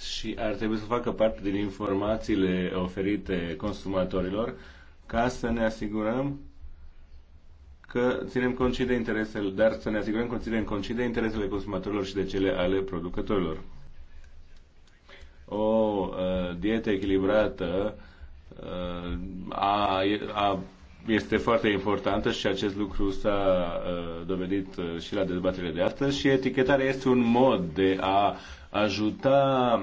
și ar trebui să facă parte din informațiile oferite consumatorilor ca să ne asigurăm că ținem cont și de interesele, dar să ne asigurăm că ținem cont și de interesele consumatorilor și de cele ale producătorilor. O uh, dietă echilibrată uh, a, a, este foarte importantă și acest lucru s-a uh, dovedit uh, și la dezbaterile de astăzi și etichetarea este un mod de a uh, ajuta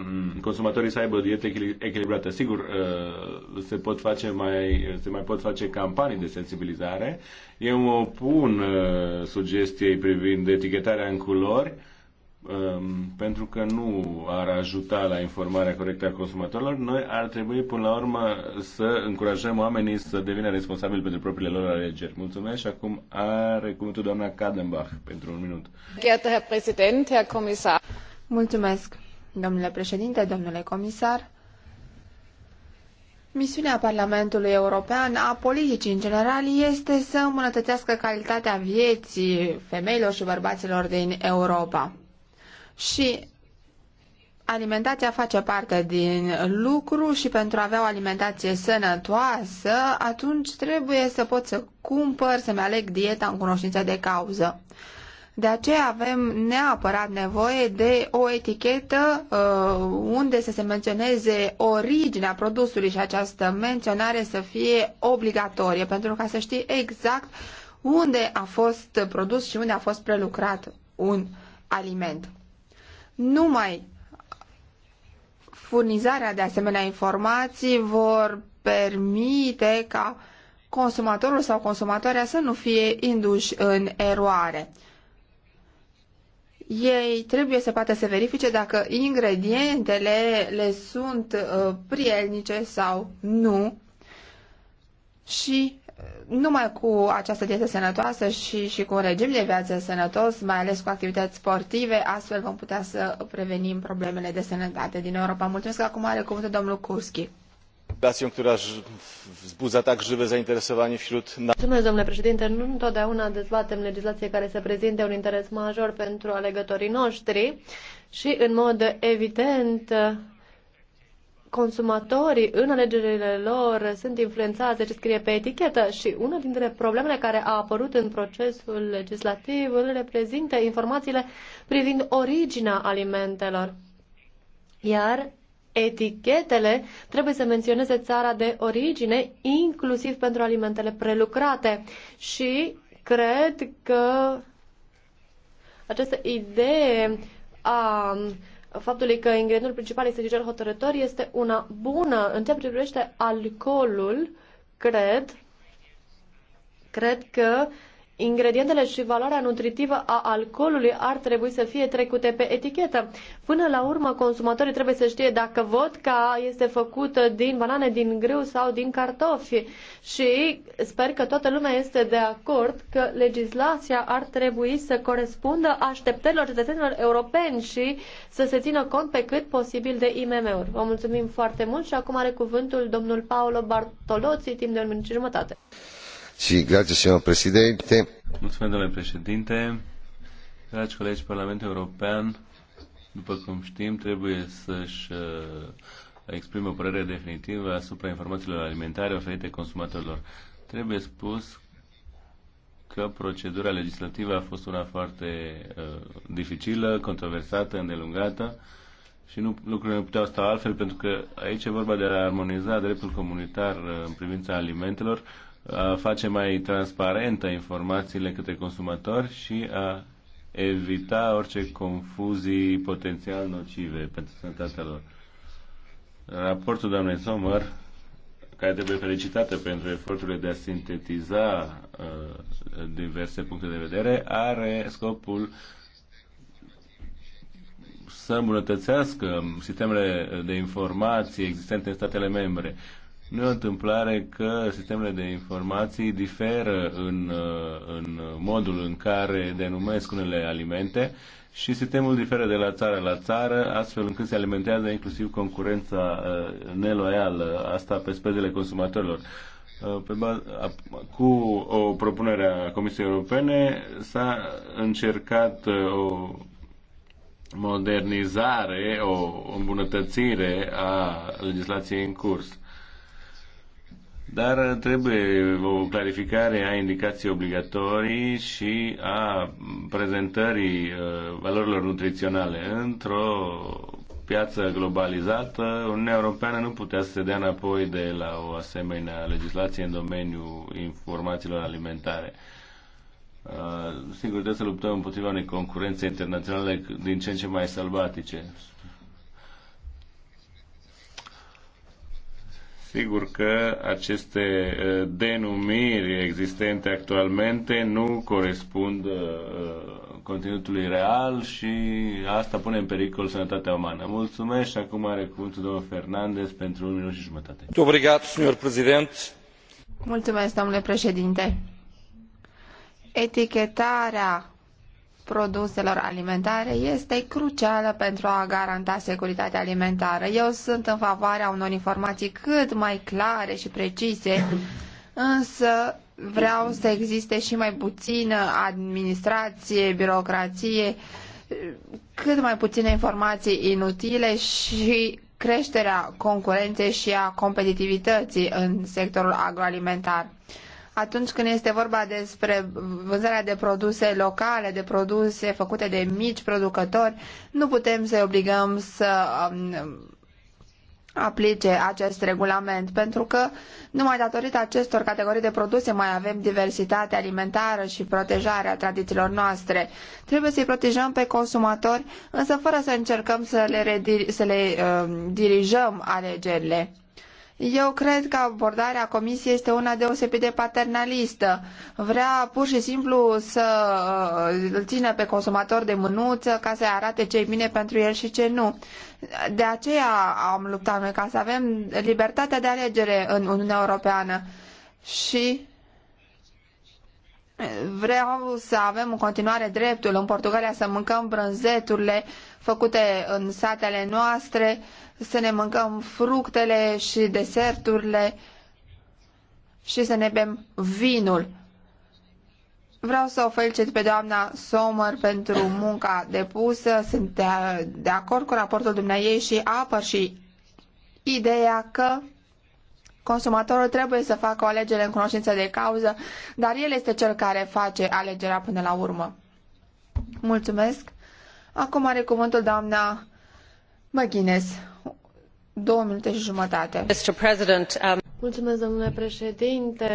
mm, consumatorii să aibă o dietă echilibrată. Sigur, uh, se pot face mai, se mai pot face campanii de sensibilizare. Eu mă opun uh, sugestiei privind etichetarea în culori, um, pentru că nu ar ajuta la informarea corectă a consumatorilor, noi ar trebui până la urmă să încurajăm oamenii să devină responsabili pentru propriile lor alegeri. Mulțumesc și acum are cuvântul doamna Kadenbach pentru un minut. Geehrter Herr Präsident, Herr comisar. Mulțumesc, domnule președinte, domnule comisar. Misiunea Parlamentului European, a politicii în general, este să îmbunătățească calitatea vieții femeilor și bărbaților din Europa. Și alimentația face parte din lucru și pentru a avea o alimentație sănătoasă, atunci trebuie să pot să cumpăr, să-mi aleg dieta în cunoștință de cauză. De aceea avem neapărat nevoie de o etichetă uh, unde să se menționeze originea produsului și această menționare să fie obligatorie pentru ca să știi exact unde a fost produs și unde a fost prelucrat un aliment. Numai furnizarea de asemenea informații vor permite ca consumatorul sau consumatoarea să nu fie induși în eroare ei trebuie să poată să verifice dacă ingredientele le sunt uh, prielnice sau nu și uh, numai cu această dietă sănătoasă și, și cu un regim de viață sănătos, mai ales cu activități sportive, astfel vom putea să prevenim problemele de sănătate din Europa. Mulțumesc că acum are cuvântul domnul Kurski domnule președinte nu întotdeauna dezbatem legislație care să prezinte un interes major pentru alegătorii noștri și în mod evident consumatorii în alegerile lor sunt influențați de ce scrie pe etichetă și una dintre problemele care a apărut în procesul legislativ îl reprezintă informațiile privind originea alimentelor. Iar Etichetele trebuie să menționeze țara de origine, inclusiv pentru alimentele prelucrate. Și cred că această idee a faptului că ingredientul principal este cel hotărător este una bună. În ceea ce privește alcoolul, cred, cred că ingredientele și valoarea nutritivă a alcoolului ar trebui să fie trecute pe etichetă. Până la urmă, consumatorii trebuie să știe dacă vodka este făcută din banane, din grâu sau din cartofi. Și sper că toată lumea este de acord că legislația ar trebui să corespundă așteptărilor cetățenilor europeni și să se țină cont pe cât posibil de IMM-uri. Vă mulțumim foarte mult și acum are cuvântul domnul Paolo Bartolozzi, timp de un minut și jumătate. Și grazie, signor președinte. Mulțumesc, domnule președinte. Dragi colegi, Parlamentul European, după cum știm, trebuie să-și uh, exprime o părere definitivă asupra informațiilor alimentare oferite consumatorilor. Trebuie spus că procedura legislativă a fost una foarte uh, dificilă, controversată, îndelungată și nu, lucrurile nu puteau sta altfel pentru că aici e vorba de a armoniza dreptul comunitar uh, în privința alimentelor a face mai transparentă informațiile către consumatori și a evita orice confuzii potențial nocive pentru sănătatea lor. Raportul doamnei Sommer, care trebuie felicitată pentru eforturile de a sintetiza uh, diverse puncte de vedere, are scopul să îmbunătățească sistemele de informații existente în statele membre. Nu e o întâmplare că sistemele de informații diferă în, uh, în modul în care denumesc unele alimente și sistemul diferă de la țară la țară, astfel încât se alimentează inclusiv concurența uh, neloială, asta pe spezele consumatorilor uh, pe bază, cu o propunere a Comisiei Europene s-a încercat o modernizare, o îmbunătățire a legislației în curs. Dar trebuie o clarificare a indicației obligatorii și a prezentării uh, valorilor nutriționale. Într-o piață globalizată, Uniunea Europeană nu putea să se dea înapoi de la o asemenea legislație în domeniul informațiilor alimentare. Uh, sigur, trebuie să luptăm împotriva unei concurențe internaționale din ce în ce mai sălbatice. Sigur că aceste uh, denumiri existente actualmente nu corespund uh, conținutului real și asta pune în pericol sănătatea umană. Mulțumesc și acum are cuvântul domnul Fernandez pentru un minut și jumătate. Obrigat, signor prezident. Mulțumesc, domnule președinte. Etichetarea produselor alimentare este crucială pentru a garanta securitatea alimentară. Eu sunt în favoarea unor informații cât mai clare și precise, însă vreau să existe și mai puțină administrație, birocrație, cât mai puține informații inutile și creșterea concurenței și a competitivității în sectorul agroalimentar atunci când este vorba despre vânzarea de produse locale, de produse făcute de mici producători, nu putem să-i obligăm să um, aplice acest regulament, pentru că numai datorită acestor categorii de produse mai avem diversitate alimentară și protejarea tradițiilor noastre. Trebuie să-i protejăm pe consumatori, însă fără să încercăm să le, să le uh, dirijăm alegerile. Eu cred că abordarea comisiei este una deosebit de paternalistă. Vrea pur și simplu să uh, îl țină pe consumator de mânuță ca să arate ce e bine pentru el și ce nu. De aceea am luptat noi ca să avem libertatea de alegere în Uniunea Europeană. Și Vreau să avem în continuare dreptul în Portugalia să mâncăm brânzeturile făcute în satele noastre, să ne mâncăm fructele și deserturile și să ne bem vinul. Vreau să o felicit pe doamna Sommer pentru munca depusă. Sunt de acord cu raportul dumneiei și apăr și ideea că Consumatorul trebuie să facă o alegere în cunoștință de cauză, dar el este cel care face alegerea până la urmă. Mulțumesc. Acum are cuvântul doamna McGuinness. Două minute și jumătate. Mr. President, um... Mulțumesc, domnule președinte.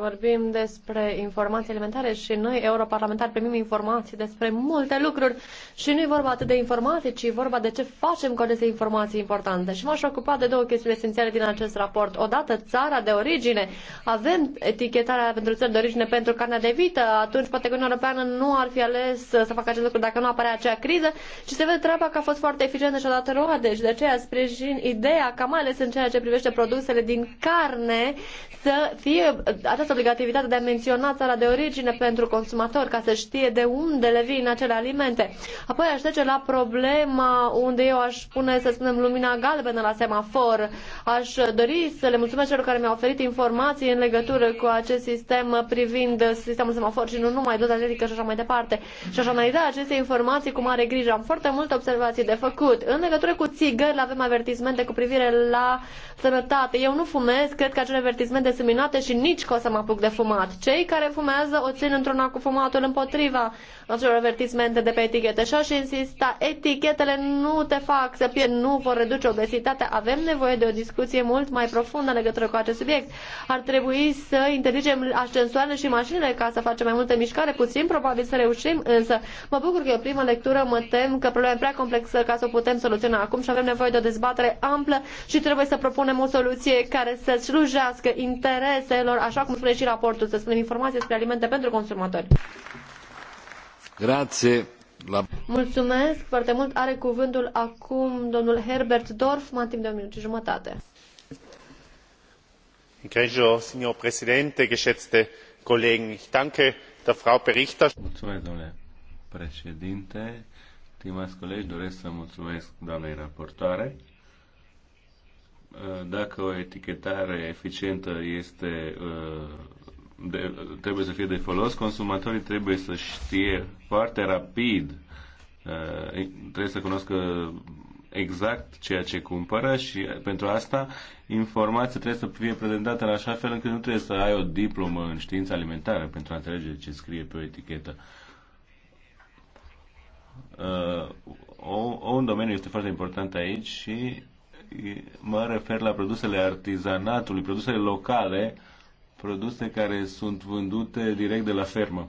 Vorbim despre informații elementare și noi, europarlamentari, primim informații despre multe lucruri și nu e vorba atât de informații, ci e vorba de ce facem cu aceste informații importante. Și m-aș ocupa de două chestiuni esențiale din acest raport. Odată, țara de origine. Avem etichetarea pentru țări de origine pentru carnea de vită. Atunci, poate că Uniunea Europeană nu ar fi ales să facă acest lucru dacă nu apare acea criză și se vede treaba că a fost foarte eficientă și a dat roade. Și de aceea sprijin ideea ca mai ales în ceea ce privește produsele din care carne să fie această obligativitate de a menționa țara de origine pentru consumator, ca să știe de unde le vin acele alimente. Apoi aș trece la problema unde eu aș pune, să spunem, lumina galbenă la semafor. Aș dori să le mulțumesc celor care mi-au oferit informații în legătură cu acest sistem privind sistemul semafor și nu numai doza genetică și așa mai departe. Și aș analiza aceste informații cu mare grijă. Am foarte multe observații de făcut. În legătură cu țigările avem avertismente cu privire la sănătate. Eu nu fumez, cred că acele avertismente sunt minunate și nici că o să mă apuc de fumat. Cei care fumează o țin într-una cu fumatul împotriva acelor avertismente de pe etichete. Și aș insista, da, etichetele nu te fac să pierd, nu vor reduce obesitatea. Avem nevoie de o discuție mult mai profundă legătură cu acest subiect. Ar trebui să interzicem ascensoarele și mașinile ca să facem mai multe mișcare. Puțin probabil să reușim, însă mă bucur că e o primă lectură. Mă tem că problema e prea complexă ca să o putem soluționa acum și avem nevoie de o dezbatere amplă și trebuie să propunem o soluție care să slujească intereselor, așa cum spune și raportul, să spunem informații despre alimente pentru consumatori. Grazie. La... Mulțumesc foarte mult. Are cuvântul acum domnul Herbert Dorf, mai timp de un minut și jumătate. Egregio, signor președinte, geschätzte colegi. danke der Frau Berichterstatterin. Mulțumesc, domnule președinte. Stimați colegi, doresc să mulțumesc doamnei raportoare dacă o etichetare eficientă este, uh, de, trebuie să fie de folos, consumatorii trebuie să știe foarte rapid, uh, trebuie să cunoască exact ceea ce cumpără și pentru asta informația trebuie să fie prezentată în așa fel încât nu trebuie să ai o diplomă în știință alimentară pentru a înțelege ce scrie pe o etichetă. Uh, un domeniu este foarte important aici și mă refer la produsele artizanatului, produsele locale, produse care sunt vândute direct de la fermă.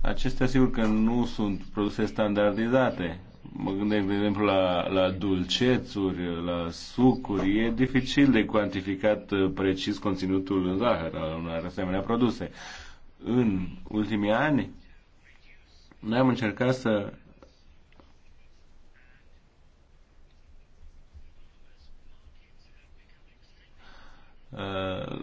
Acestea sigur că nu sunt produse standardizate. Mă gândesc, de exemplu, la, la dulcețuri, la sucuri. E dificil de cuantificat uh, precis conținutul în zahăr al unor asemenea produse. În ultimii ani, noi am încercat să Uh,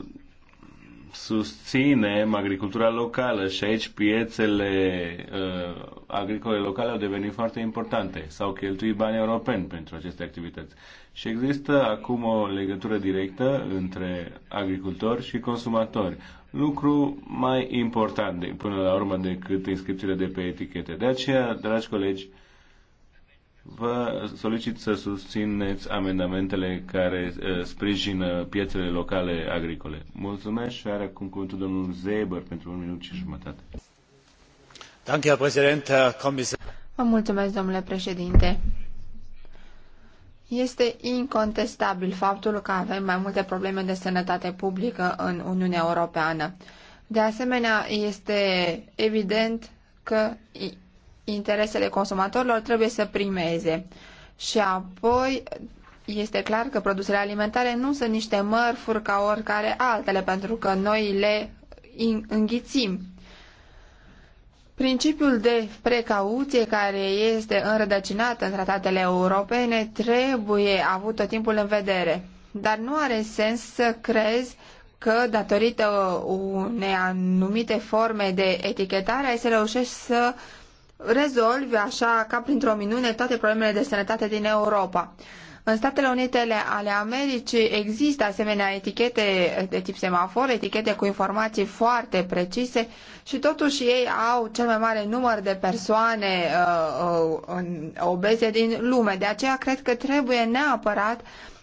susținem agricultura locală și aici piețele uh, agricole locale au devenit foarte importante. S-au cheltuit bani europeni pentru aceste activități. Și există acum o legătură directă între agricultori și consumatori. Lucru mai important de, până la urmă decât inscripțiile de pe etichete. De aceea, dragi colegi, uh, Vă solicit să susțineți amendamentele care uh, sprijină piețele locale agricole. Mulțumesc și are cum cuvântul domnul Zeber pentru un minut și jumătate. Vă mulțumesc, domnule președinte. Este incontestabil faptul că avem mai multe probleme de sănătate publică în Uniunea Europeană. De asemenea, este evident că interesele consumatorilor trebuie să primeze. Și apoi este clar că produsele alimentare nu sunt niște mărfuri ca oricare altele, pentru că noi le înghițim. Principiul de precauție care este înrădăcinat în tratatele europene trebuie avut tot timpul în vedere, dar nu are sens să crezi că datorită unei anumite forme de etichetare ai să reușești să uh, rezolvi așa ca printr-o minune toate problemele de sănătate din Europa. În Statele Unite ale Americii există asemenea etichete de tip semafor, etichete cu informații foarte precise și totuși ei au cel mai mare număr de persoane uh, uh, obeze din lume. De aceea cred că trebuie neapărat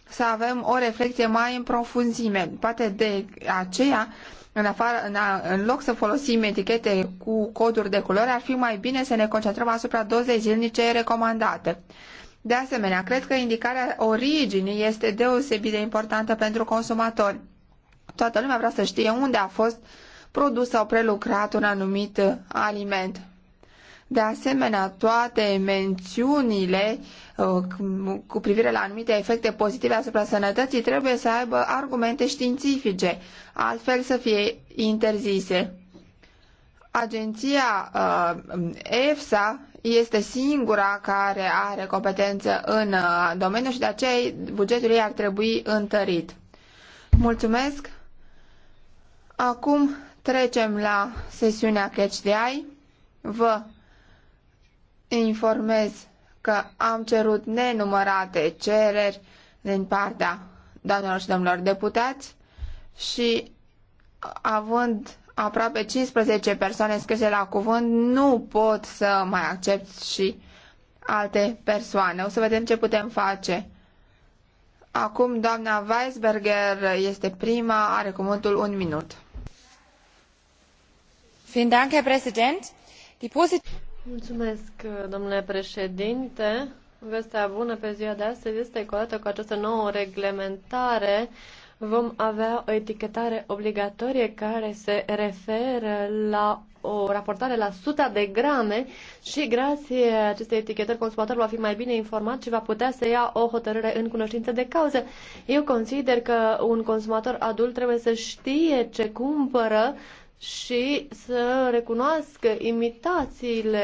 să avem o reflexie mai în profunzime. Poate de aceea în, afară, în, în loc să folosim etichete cu coduri de culoare, ar fi mai bine să ne concentrăm asupra dozei zilnice recomandate. De asemenea, cred că indicarea originii este deosebit de importantă pentru consumatori. Toată lumea vrea să știe unde a fost produs sau prelucrat un anumit aliment. De asemenea, toate mențiunile uh, cu privire la anumite efecte pozitive asupra sănătății trebuie să aibă argumente științifice, altfel să fie interzise. Agenția uh, EFSA este singura care are competență în uh, domeniu și de aceea bugetul ei ar trebui întărit. Mulțumesc! Acum trecem la sesiunea Catch the Eye. Vă informez că am cerut nenumărate cereri din partea doamnelor și domnilor deputați și având aproape 15 persoane scrise la cuvânt, nu pot să mai accept și alte persoane. O să vedem ce putem face. Acum doamna Weisberger este prima, are cuvântul un minut. Mulțumesc, domnule președinte. Vestea bună pe ziua de astăzi este că odată cu această nouă reglementare vom avea o etichetare obligatorie care se referă la o raportare la suta de grame și grație acestei etichetări consumatorul va fi mai bine informat și va putea să ia o hotărâre în cunoștință de cauză. Eu consider că un consumator adult trebuie să știe ce cumpără și să recunoască imitațiile.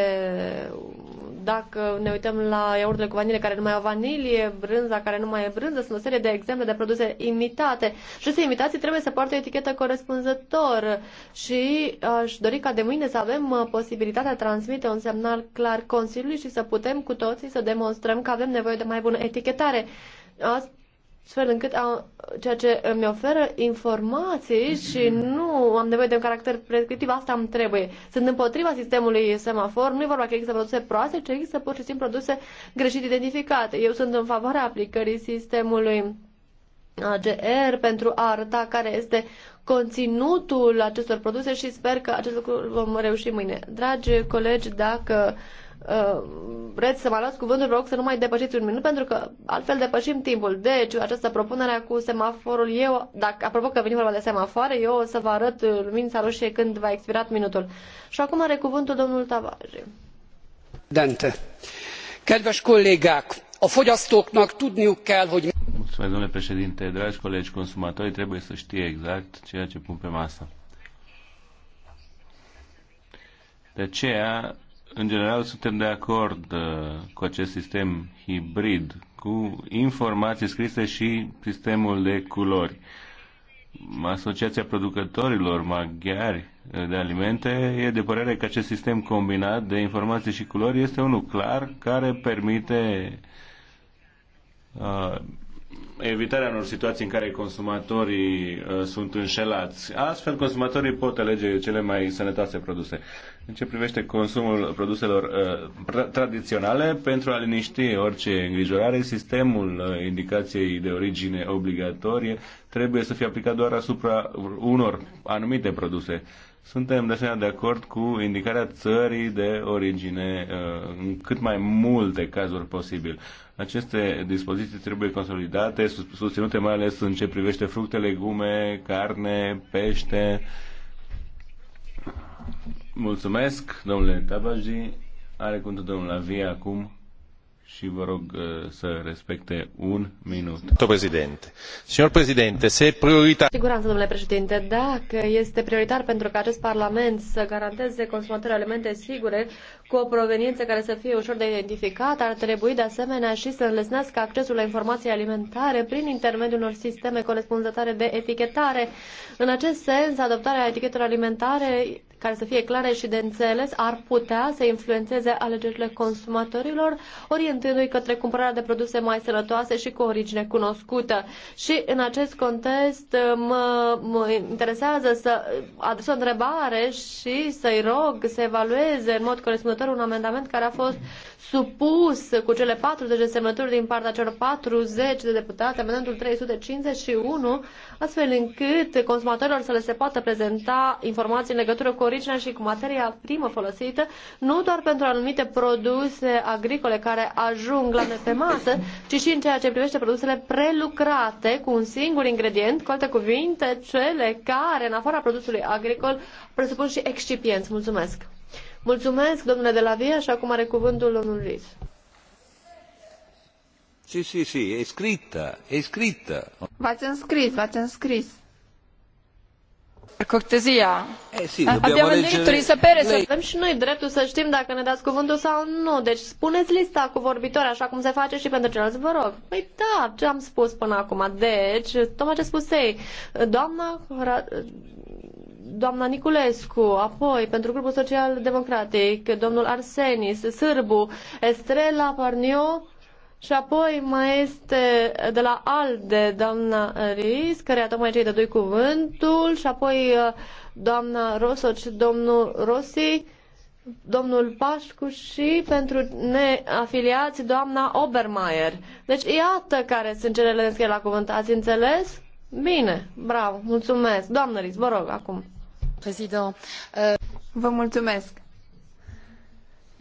Dacă ne uităm la iaurtele cu vanilie care nu mai au vanilie, brânza care nu mai e brânză, sunt o serie de exemple de produse imitate. Și aceste imitații trebuie să poartă o etichetă corespunzător și aș dori ca de mâine să avem uh, posibilitatea de a transmite un semnal clar Consiliului și să putem cu toții să demonstrăm că avem nevoie de mai bună etichetare astfel încât a, ceea ce îmi oferă informații și nu am nevoie de un caracter prescriptiv, asta îmi trebuie. Sunt împotriva sistemului semafor, nu e vorba că există produse proaste, ci există pur și simplu produse greșit identificate. Eu sunt în favoarea aplicării sistemului AGR pentru a arăta care este conținutul acestor produse și sper că acest lucru vom reuși mâine. Dragi colegi, dacă uh, Uh, vreți să mă luați cuvântul, vă rog să nu mai depășiți un minut, pentru că altfel depășim timpul. Deci, această propunere cu semaforul, eu, dacă, apropo că vine vorba de semafoare, eu o să vă arăt lumința roșie când va expirat minutul. Și acum are cuvântul domnul Tavaje. Dante. Kedves kollégák, a fogyasztóknak tudniuk kell, hogy... Mulțumesc, domnule președinte. Dragi colegi, consumatori, trebuie să știe exact ceea ce pun pe masă. De aceea, în general, suntem de acord uh, cu acest sistem hibrid, cu informații scrise și sistemul de culori. Asociația producătorilor maghiari uh, de alimente e de părere că acest sistem combinat de informații și culori este unul clar care permite uh, evitarea unor situații în care consumatorii uh, sunt înșelați. Astfel, consumatorii pot alege cele mai sănătoase produse. În ce privește consumul produselor uh, tradiționale, pentru a liniști orice îngrijorare, sistemul uh, indicației de origine obligatorie trebuie să fie aplicat doar asupra unor anumite produse. Suntem de asemenea de acord cu indicarea țării de origine uh, în cât mai multe cazuri posibil. Aceste dispoziții trebuie consolidate, susținute mai ales în ce privește fructe, legume, carne, pește. Mulțumesc, domnule Tabaji. Are cuvântul domnul Avia acum și vă rog uh, să respecte un minut. Președinte. domnul președinte, se priorita... Siguranță, domnule președinte, dacă este prioritar pentru că acest parlament să garanteze consumatorii alimente sigure, cu o proveniență care să fie ușor de identificat, ar trebui de asemenea și să înlesnească accesul la informații alimentare prin intermediul unor sisteme corespunzătoare de etichetare. În acest sens, adoptarea etichetelor alimentare care să fie clare și de înțeles, ar putea să influențeze alegerile consumatorilor, orientându-i către cumpărarea de produse mai sănătoase și cu origine cunoscută. Și în acest context mă, mă interesează să aduc o întrebare și să-i rog să evalueze în mod corespunzător Coreper, un amendament care a fost supus cu cele 40 de semnături din partea celor 40 de deputați, amendamentul 351, astfel încât consumatorilor să le se poată prezenta informații în legătură cu originea și cu materia primă folosită, nu doar pentru anumite produse agricole care ajung la pe masă, ci și în ceea ce privește produsele prelucrate cu un singur ingredient, cu alte cuvinte, cele care, în afara produsului agricol, presupun și excipienți. Mulțumesc! Mulțumesc, domnule de la Via, și acum are cuvântul domnul Riz. Si, si, si, e scrită, e scrită. V-ați înscris, v-ați înscris. Cortezia. Eh, sì, Abbiamo il diritto di sapere se... Avem și noi dreptul să știm dacă ne dați cuvântul sau nu. Deci spuneți lista cu vorbitori, așa cum se face și pentru ceilalți, vă rog. Păi da, ce am spus până acum. Deci, tocmai ce spusei, ei. Doamna doamna Niculescu, apoi pentru grupul social-democratic, domnul Arsenis, Sârbu, Estrela Parniu, și apoi mai este de la ALDE doamna Ris, care a tocmai cei de doi cuvântul și apoi uh, doamna Rosoci, domnul Rossi, domnul Pașcu și pentru neafiliați doamna Obermeier. Deci iată care sunt cele înscrie la cuvânt. Ați înțeles? Bine, bravo, mulțumesc. Doamnă Riz, vă rog acum. Vă mulțumesc.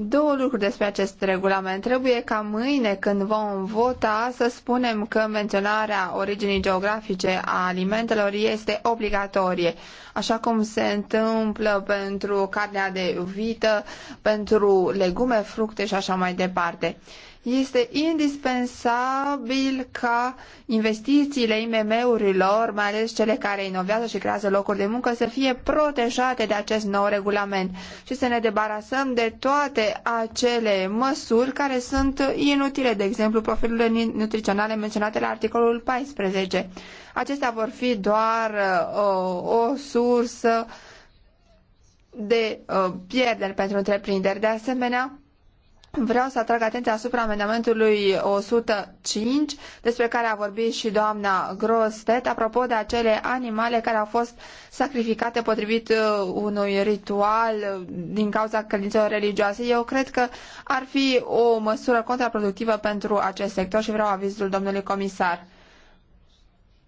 Două lucruri despre acest regulament. Trebuie ca mâine, când vom vota, să spunem că menționarea originii geografice a alimentelor este obligatorie, așa cum se întâmplă pentru carnea de vită, pentru legume, fructe și așa mai departe. Uh, este indispensabil ca investițiile IMM-urilor, mai ales cele care inovează și creează locuri de muncă, să fie protejate de acest nou regulament și să ne debarasăm de toate acele măsuri care sunt inutile, de exemplu profilurile nutriționale menționate la articolul 14. Acestea vor fi doar uh, o, o sursă de uh, pierderi pentru întreprinderi. De asemenea, Vreau să atrag atenția asupra amendamentului 105, despre care a vorbit și doamna Grostet, apropo de acele animale care au fost sacrificate potrivit uh, unui ritual uh, din cauza credințelor religioase. Eu cred că ar fi o măsură contraproductivă pentru acest sector și vreau avizul domnului comisar.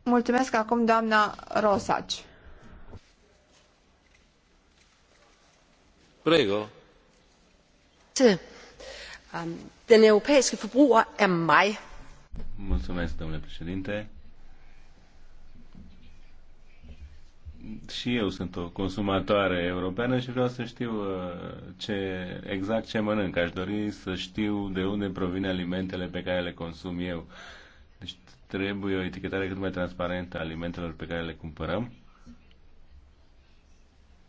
Mulțumesc acum doamna Rosaci. Prego. Sí. Um, den europæiske forbruger er mig. Mulțumesc, domnule președinte. și eu sunt o consumatoare europeană și vreau să știu uh, ce, exact ce mănânc. Aș dori să știu de unde provin alimentele pe care le consum eu. Deci trebuie o etichetare cât mai transparentă a alimentelor pe care le cumpărăm.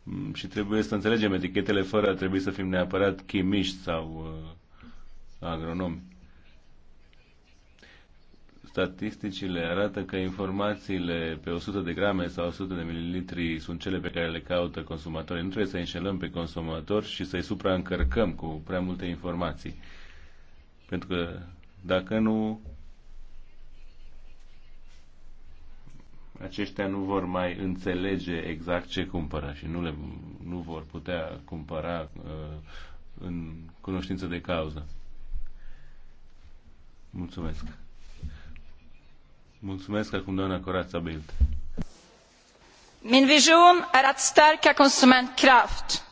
Mm, și trebuie să înțelegem etichetele fără a trebui să fim neapărat chimiști sau uh, agronomi. Statisticile arată că informațiile pe 100 de grame sau 100 de mililitri sunt cele pe care le caută consumatorii. Nu trebuie să înșelăm pe consumatori și să-i supraîncărcăm cu prea multe informații. Pentru că dacă nu, aceștia nu vor mai înțelege exact ce cumpără și nu, le, nu vor putea cumpăra uh, în cunoștință de cauză. Mulțumesc. Mulțumesc acum doamna Corața Bild. Min vision är att stärka konsumentkraft.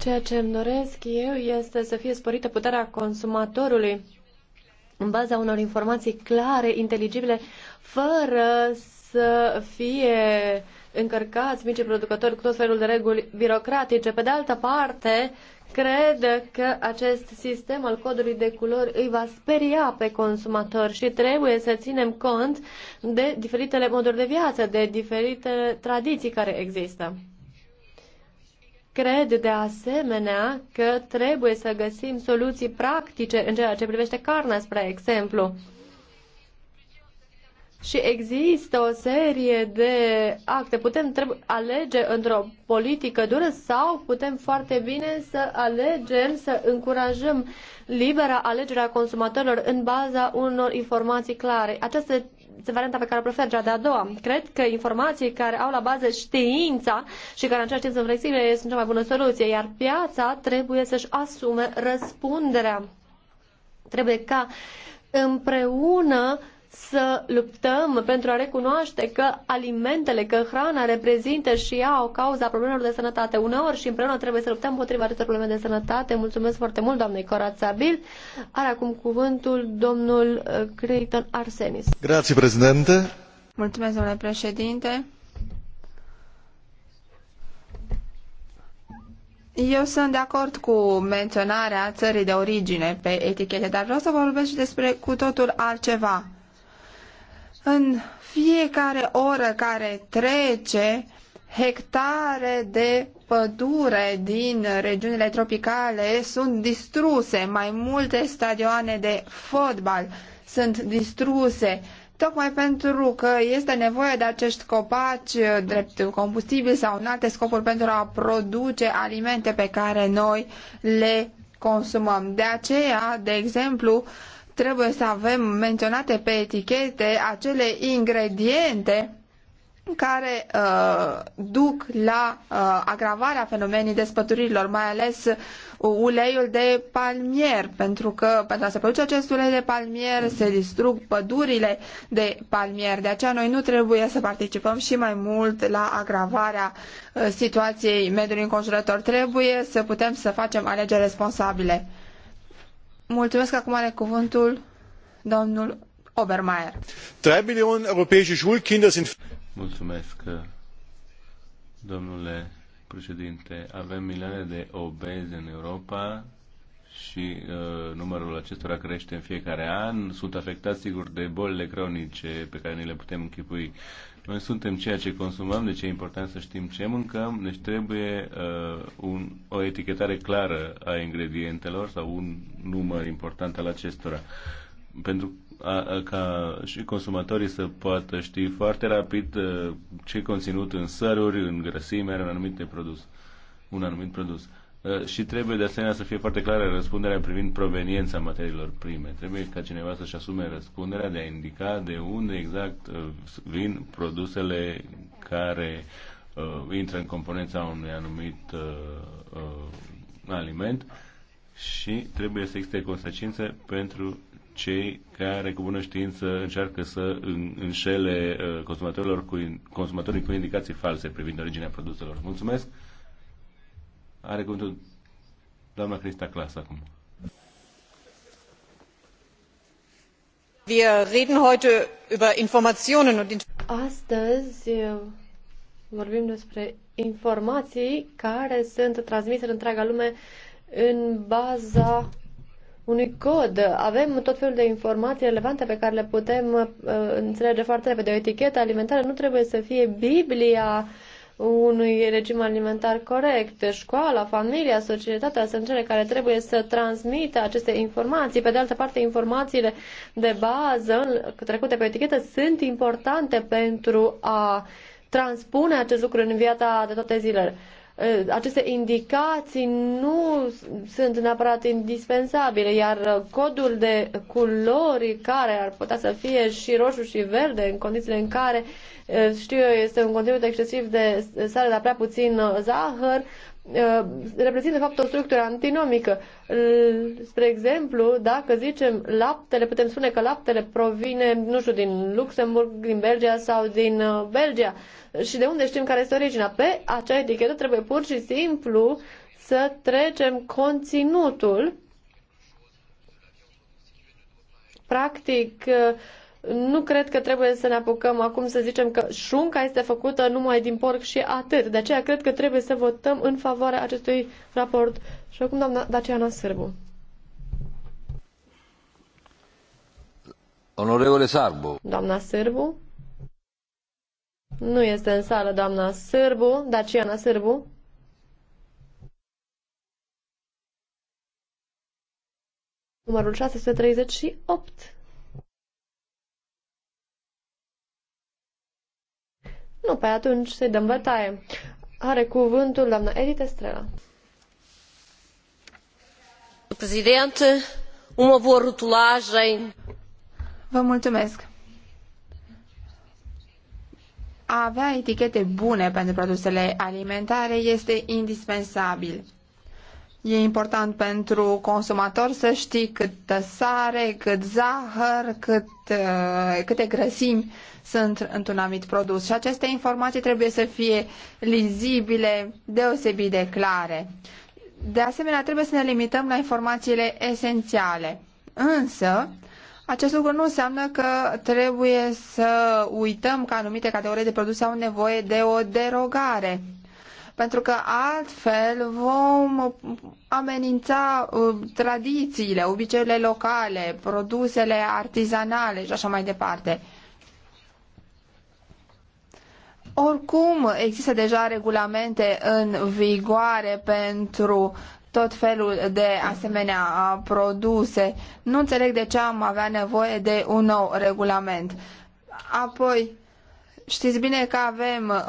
Ceea ce îmi doresc eu este să fie sporită puterea consumatorului în baza unor informații clare, inteligibile, fără să fie încărcați micii producători cu tot felul de reguli birocratice. Pe de altă parte, cred că acest sistem al codului de culori îi va speria pe consumator și trebuie să ținem cont de diferitele moduri de viață, de diferite tradiții care există. Cred de asemenea că trebuie să găsim soluții practice în ceea ce privește carnea, spre exemplu. Și există o serie de acte. Putem alege într-o politică dură sau putem foarte bine să alegem, să încurajăm libera alegerea consumatorilor în baza unor informații clare. Aceste este varianta pe care o prefer, cea de-a doua. Cred că informații care au la bază știința și care în același timp sunt flexibile sunt cea mai bună soluție, iar piața trebuie să-și asume răspunderea. Trebuie ca împreună să luptăm pentru a recunoaște că alimentele, că hrana reprezintă și ea o cauza problemelor de sănătate uneori și împreună trebuie să luptăm împotriva acestor probleme de sănătate. Mulțumesc foarte mult, doamnei Corața Bild. Are acum cuvântul domnul uh, Creighton Arsenis. Grazie, președinte. Mulțumesc, domnule președinte. Eu sunt de acord cu menționarea țării de origine pe etichete, dar vreau să vorbesc și despre cu totul altceva. În fiecare oră care trece, hectare de pădure din regiunile tropicale sunt distruse, mai multe stadioane de fotbal sunt distruse, tocmai pentru că este nevoie de acești copaci drept combustibil sau în alte scopuri pentru a produce alimente pe care noi le consumăm. De aceea, de exemplu, trebuie să avem menționate pe etichete acele ingrediente care uh, duc la uh, agravarea fenomenii despăturirilor, mai ales uleiul de palmier, pentru că pentru a se produce acest ulei de palmier se distrug pădurile de palmier. De aceea noi nu trebuie să participăm și mai mult la agravarea uh, situației mediului înconjurător. Trebuie să putem să facem alegeri responsabile. Mulțumesc, acum are cuvântul domnul Obermeier. 3 milioane europeische Schulkinder sind... Mulțumesc, domnule președinte. Avem milioane de obezi în Europa și uh, numărul acestora crește în fiecare an. Sunt afectați, sigur, de bolile cronice pe care ni le putem închipui. Uh, noi suntem ceea ce consumăm, deci e important să știm ce mâncăm, deci trebuie uh, un, o etichetare clară a ingredientelor sau un număr important al acestora. Pentru a, a, ca și consumatorii să poată ști foarte rapid uh, ce conținut în săruri, în grăsime, în anumite produs, un anumit produs. Uh, și trebuie de asemenea să fie foarte clară răspunderea privind proveniența materiilor prime. Trebuie ca cineva să-și asume răspunderea de a indica de unde exact uh, vin produsele care uh, intră în componența unui anumit uh, uh, aliment și trebuie să existe consecințe pentru cei care cu bună știință încearcă să înșele uh, consumatorilor cu, consumatorii cu indicații false privind originea produselor. Mulțumesc! Are cuvântul doamna Crista Clas acum. Wir reden heute über Informationen und Astăzi eh, vorbim despre informații care sunt transmise în întreaga lume în baza unui cod. Avem tot felul de informații relevante pe care le putem uh, înțelege foarte repede. O etichetă alimentară nu trebuie să fie Biblia uh, unui regim alimentar corect, școala, familia, societatea sunt cele care trebuie să transmită aceste informații. Pe de altă parte, informațiile de bază trecute pe etichetă sunt importante pentru a transpune acest lucru în viața de toate zilele. Ă, aceste indicații nu sunt neapărat indispensabile, iar codul de culori care ar putea să fie și roșu și verde în condițiile în care, ă, știu eu, este un conținut excesiv de sare, dar prea puțin zahăr, Uh, reprezintă, de fapt, o structură antinomică. Spre exemplu, dacă zicem laptele, putem spune că laptele provine, nu știu, din Luxemburg, din Belgia sau din uh, Belgia. Și de unde știm care este originea? Pe acea etichetă trebuie pur și simplu să trecem conținutul practic uh, nu cred că trebuie să ne apucăm acum să zicem că șunca este făcută numai din porc și atât. De aceea cred că trebuie să votăm în favoarea acestui raport. Și acum doamna Daciana Sârbu. Onorevole Sârbu. Doamna Sârbu? Nu este în sală doamna Sârbu, Daciana Sârbu. Numărul 638. Nu, pe atunci să-i dăm bătaie. Are cuvântul doamna Edith Estrela. Președinte, uma boa rotulagem. Vă mulțumesc. A avea etichete bune pentru produsele alimentare este indispensabil. E important pentru consumator să știi câtă sare, cât zahăr, cât, uh, câte grăsimi sunt într-un anumit produs. Și aceste informații trebuie să fie lizibile, deosebit de clare. De asemenea, trebuie să ne limităm la informațiile esențiale. Însă, acest lucru nu înseamnă că trebuie să uităm că anumite categorii de produse au nevoie de o derogare pentru că altfel vom amenința uh, tradițiile, obiceiurile locale, produsele artizanale și așa mai departe. Oricum, există deja regulamente în vigoare pentru tot felul de asemenea produse. Nu înțeleg de ce am avea nevoie de un nou regulament. Apoi, Știți bine că avem uh,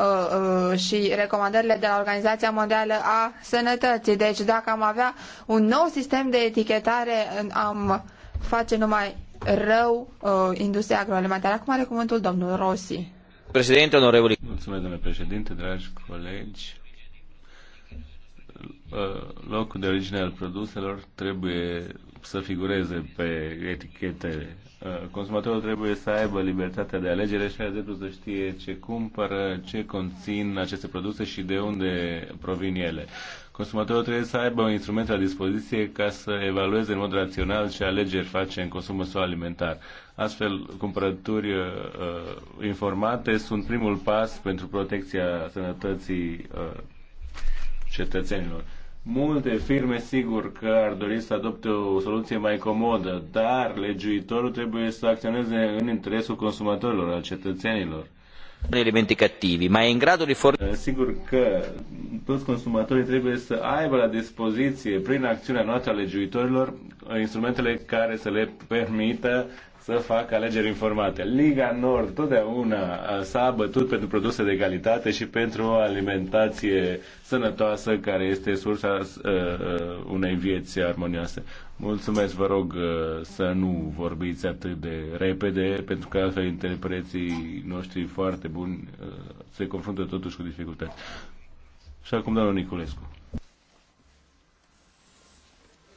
uh, și recomandările de la Organizația Mondială a Sănătății, deci dacă am avea un nou sistem de etichetare, am face numai rău uh, industria agroalimentară. Acum are cuvântul domnul Rossi. Președinte, onorevoli. Mulțumesc, domnule președinte, dragi colegi. Uh, locul de origine al produselor trebuie să figureze pe etichetele Uh, consumatorul trebuie să aibă libertatea de alegere și are dreptul să știe ce cumpără, ce conțin aceste produse și de unde provin ele. Consumatorul trebuie să aibă un instrument la dispoziție ca să evalueze în mod rațional ce alegeri face în consumul său alimentar. Astfel, cumpărături uh, uh informate sunt primul pas pentru protecția sănătății uh, cetățenilor. Multe firme sigur că ar dori să adopte o soluție mai comodă, dar legiuitorul trebuie să acționeze în interesul consumatorilor, al cetățenilor. Elementi cattivi, mai e în gradul de eh, Sigur că toți consumatorii trebuie să aibă la dispoziție, prin acțiunea noastră a legiuitorilor, instrumentele care să le permită să facă alegeri informate. Liga Nord totdeauna s-a bătut pentru produse de calitate și pentru o alimentație sănătoasă care este sursa unei vieți armonioase. Mulțumesc, vă rog să nu vorbiți atât de repede, pentru că altfel interpreții noștri foarte buni se confruntă totuși cu dificultăți. Și acum, domnul Niculescu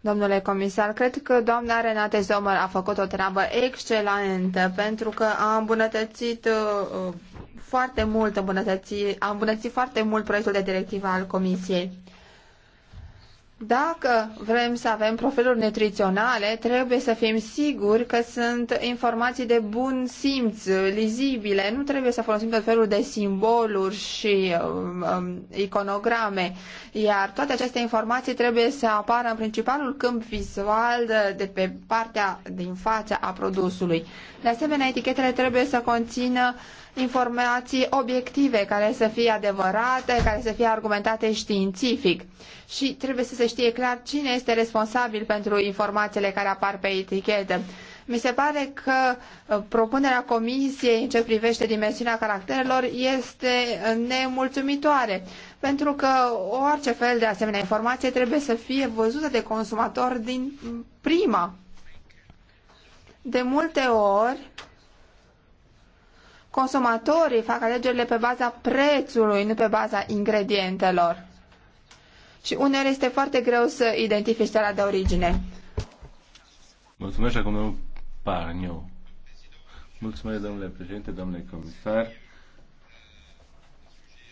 Domnule comisar, cred că doamna Renate Zomer a făcut o treabă excelentă pentru că a îmbunătățit uh, uh, foarte mult, îmbunătăți, a îmbunătățit foarte mult proiectul de directivă al Comisiei. Dacă vrem să avem profiluri nutriționale, trebuie să fim siguri că sunt informații de bun simț, lizibile. Nu trebuie să folosim tot felul de simboluri și um, um iconograme. Iar toate aceste informații trebuie să apară în principalul câmp vizual de pe partea din fața a produsului. De asemenea, etichetele trebuie să conțină uh, informații obiective, care să fie adevărate, care să fie argumentate științific. Și trebuie să se știe clar cine este responsabil pentru informațiile care apar pe etichetă. Mi se pare că uh, propunerea comisiei în ce privește dimensiunea caracterelor este uh, nemulțumitoare, pentru că orice fel de asemenea informație trebuie să fie văzută de consumator din prima. De multe ori, consumatorii fac alegerile pe baza prețului, nu pe baza ingredientelor. Și uneori este foarte greu să identifici țara de origine. Mulțumesc acum domnul Parniu. Mulțumesc, domnule președinte, domnule comisar.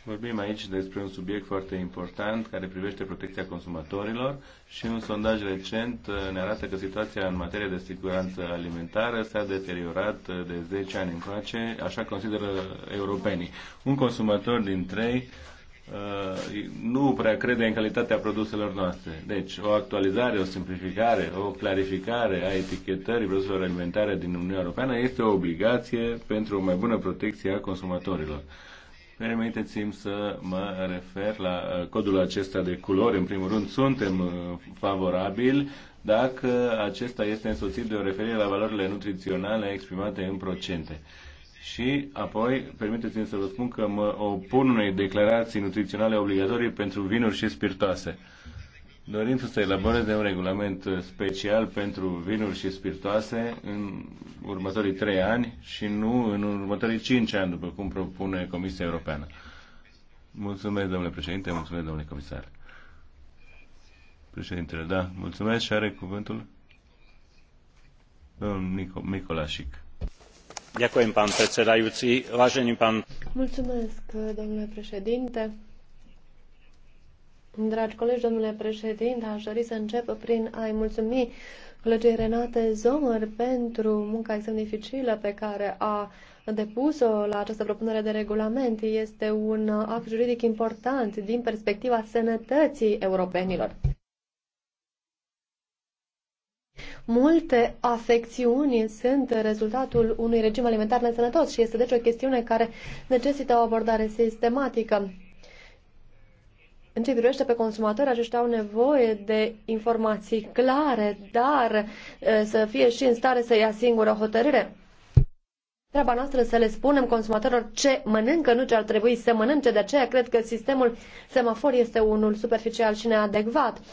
Vorbim aici despre un subiect foarte important care privește protecția consumatorilor și un sondaj recent uh, ne arată că situația în materie de siguranță alimentară s-a deteriorat uh, de 10 ani încoace, așa consideră europenii. Un consumator din trei uh, nu prea crede în calitatea produselor noastre. Deci, o actualizare, o simplificare, o clarificare a etichetării produselor alimentare din Uniunea Europeană este o obligație pentru o mai bună protecție a consumatorilor. Permiteți-mi să mă refer la uh, codul acesta de culori. În primul rând, suntem uh, favorabili dacă acesta este însoțit de o referire la valorile nutriționale exprimate în procente. Și apoi, permiteți-mi să vă spun că mă opun unei declarații nutriționale obligatorii pentru vinuri și spiritoase. Uh, dorim să se elaboreze un regulament uh, special pentru vinuri și spiritoase în următorii trei ani și nu în următorii cinci ani, după cum propune Comisia Europeană. Mulțumesc, domnule președinte, mulțumesc, domnule comisar. Președintele, da, mulțumesc și are cuvântul domnul Micolașic. Ďakujem, Mulțumesc, domnule președinte. Dragi colegi, domnule președinte, aș dori să încep prin a-i mulțumi colegii Renate Zomer pentru munca extrem dificilă pe care a depus-o la această propunere de regulament. Este un act juridic important din perspectiva sănătății europenilor. Multe afecțiuni sunt rezultatul unui regim alimentar nesănătos și este deci o chestiune care necesită o abordare sistematică. În ce privește pe consumatori, aceștia au nevoie de informații clare, dar să fie și în stare să ia singură hotărâre. Treaba noastră să le spunem consumatorilor ce mănâncă, nu ce ar trebui să mănânce. De aceea cred că sistemul semafor este unul superficial și neadecvat. 80%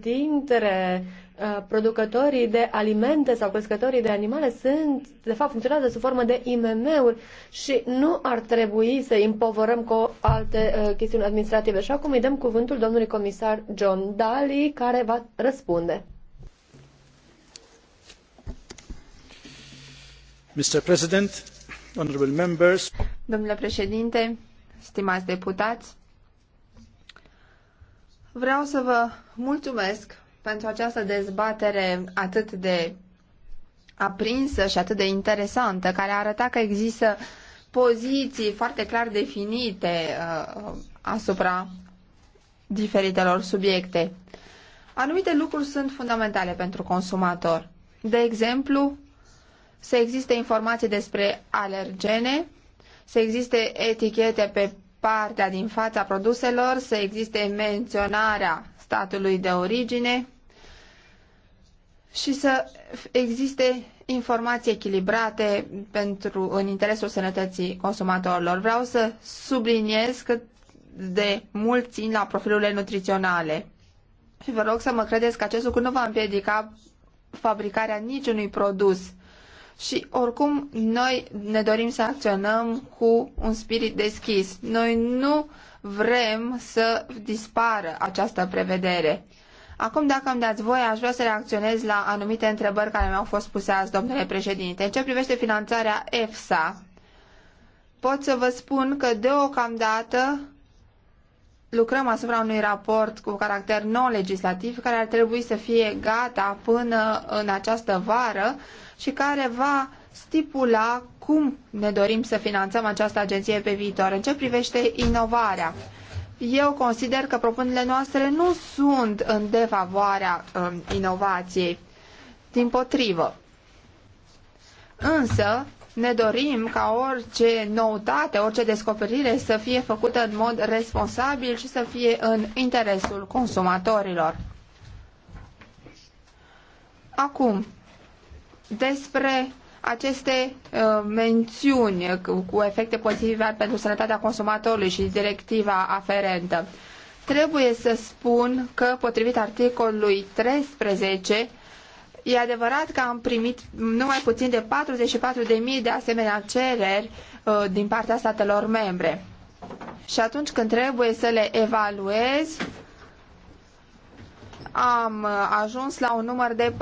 dintre Uh, producătorii de alimente sau crescătorii de animale sunt, de fapt, funcționează sub formă de IMM-uri și nu ar trebui să împovărăm cu alte uh, chestiuni administrative. Și acum îi dăm cuvântul domnului comisar John Daly, care va răspunde. Mr. President, honorable members. Domnule președinte, stimați deputați, vreau să vă mulțumesc pentru această dezbatere atât de aprinsă și atât de interesantă, care arăta că există poziții foarte clar definite uh, uh, asupra diferitelor subiecte. Anumite lucruri sunt fundamentale pentru consumator. De exemplu, să existe informații despre alergene, să existe etichete pe partea din fața produselor, să existe menționarea statului de origine și să existe informații echilibrate pentru, în interesul sănătății consumatorilor. Vreau să subliniez cât de mult țin la profilurile nutriționale. Și vă rog să mă credeți că acest lucru nu va împiedica fabricarea niciunui produs. Și oricum, noi ne dorim să acționăm cu un spirit deschis. Noi nu uh, vrem să dispară această prevedere. Acum, dacă îmi dați voie, aș vrea să reacționez la anumite întrebări care mi-au fost puse azi, domnule președinte. În ce privește finanțarea EFSA, pot să vă spun că deocamdată lucrăm asupra unui raport cu caracter non-legislativ care ar trebui să fie gata până în această vară și care va stipula cum ne dorim să finanțăm această agenție pe viitor, în ce privește inovarea. Eu consider că propunerile noastre nu sunt în defavoarea um, inovației, din potrivă. Însă, ne dorim ca orice noutate, orice descoperire să fie făcută în mod responsabil și să fie în interesul consumatorilor. Acum, despre aceste uh, mențiuni cu, efecte pozitive pentru sănătatea consumatorului și directiva aferentă. Trebuie să spun că, potrivit articolului 13, E adevărat că am primit numai puțin de 44.000 de asemenea cereri uh, din partea statelor membre. Și atunci când trebuie să le evaluez, am uh, ajuns la un număr de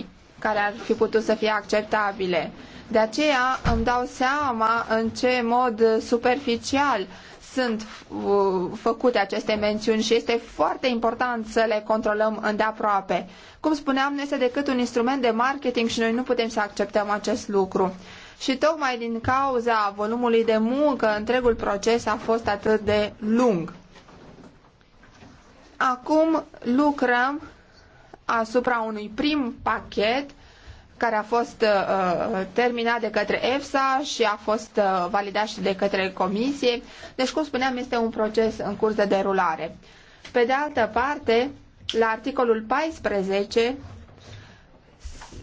4.000 care ar fi putut să fie acceptabile. De aceea îmi dau seama în ce mod superficial sunt uh, făcute aceste mențiuni și este foarte important să le controlăm îndeaproape. Cum spuneam, nu este decât un instrument de marketing și noi nu putem să acceptăm acest lucru. Și tocmai din cauza volumului de muncă, întregul proces a fost atât de lung. Acum lucrăm asupra unui prim pachet care a fost uh, uh, terminat de către EFSA și a fost uh, validat și de către Comisie. Deci, cum spuneam, este un proces în curs de derulare. Pe de altă parte, la articolul 14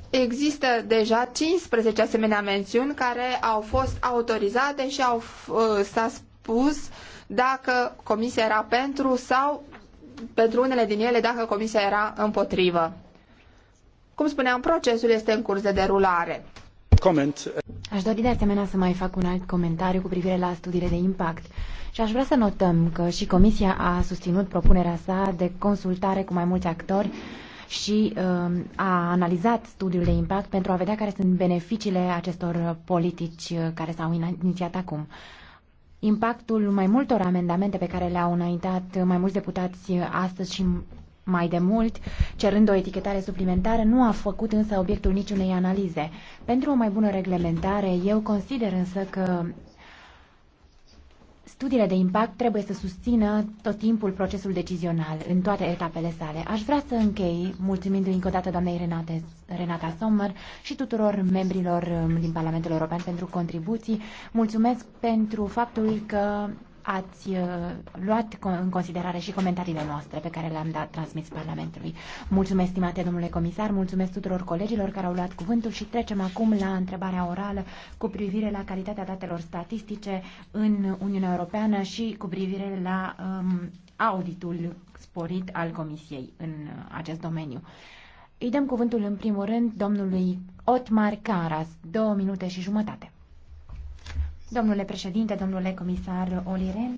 există deja 15 asemenea mențiuni care au fost autorizate și au, uh, s-a spus dacă Comisia era pentru sau pentru unele din ele dacă Comisia era împotrivă. Cum spuneam, procesul este în curs de derulare. Comment. Aș dori de asemenea să mai fac un alt comentariu cu privire la studiile de impact. Și aș vrea să notăm că și Comisia a susținut propunerea sa de consultare cu mai mulți actori și uh, a analizat studiul de impact pentru a vedea care sunt beneficiile acestor politici uh, care s-au inițiat acum. Uh, Impactul mai multor amendamente pe care le-au înaintat mai mulți deputați astăzi și mai de mult, cerând o etichetare suplimentară, nu a făcut însă obiectul niciunei analize. Pentru o mai bună reglementare, eu consider însă că Studiile de impact trebuie să susțină tot timpul procesul decizional în toate etapele sale. Aș vrea să închei mulțumindu-i încă o dată doamnei Renate, Renata Sommer și tuturor membrilor um, din Parlamentul European pentru contribuții. Mulțumesc pentru faptul că ați uh, luat în considerare și comentariile noastre pe care le-am dat transmis Parlamentului. Mulțumesc, stimate domnule comisar, mulțumesc tuturor colegilor care au luat cuvântul și trecem acum la întrebarea orală cu privire la calitatea datelor statistice în Uniunea Europeană și cu privire la um, auditul sporit al Comisiei în acest domeniu. Îi dăm cuvântul în primul rând domnului Otmar Caras, două minute și jumătate. Domnule președinte, domnule comisar Oliren,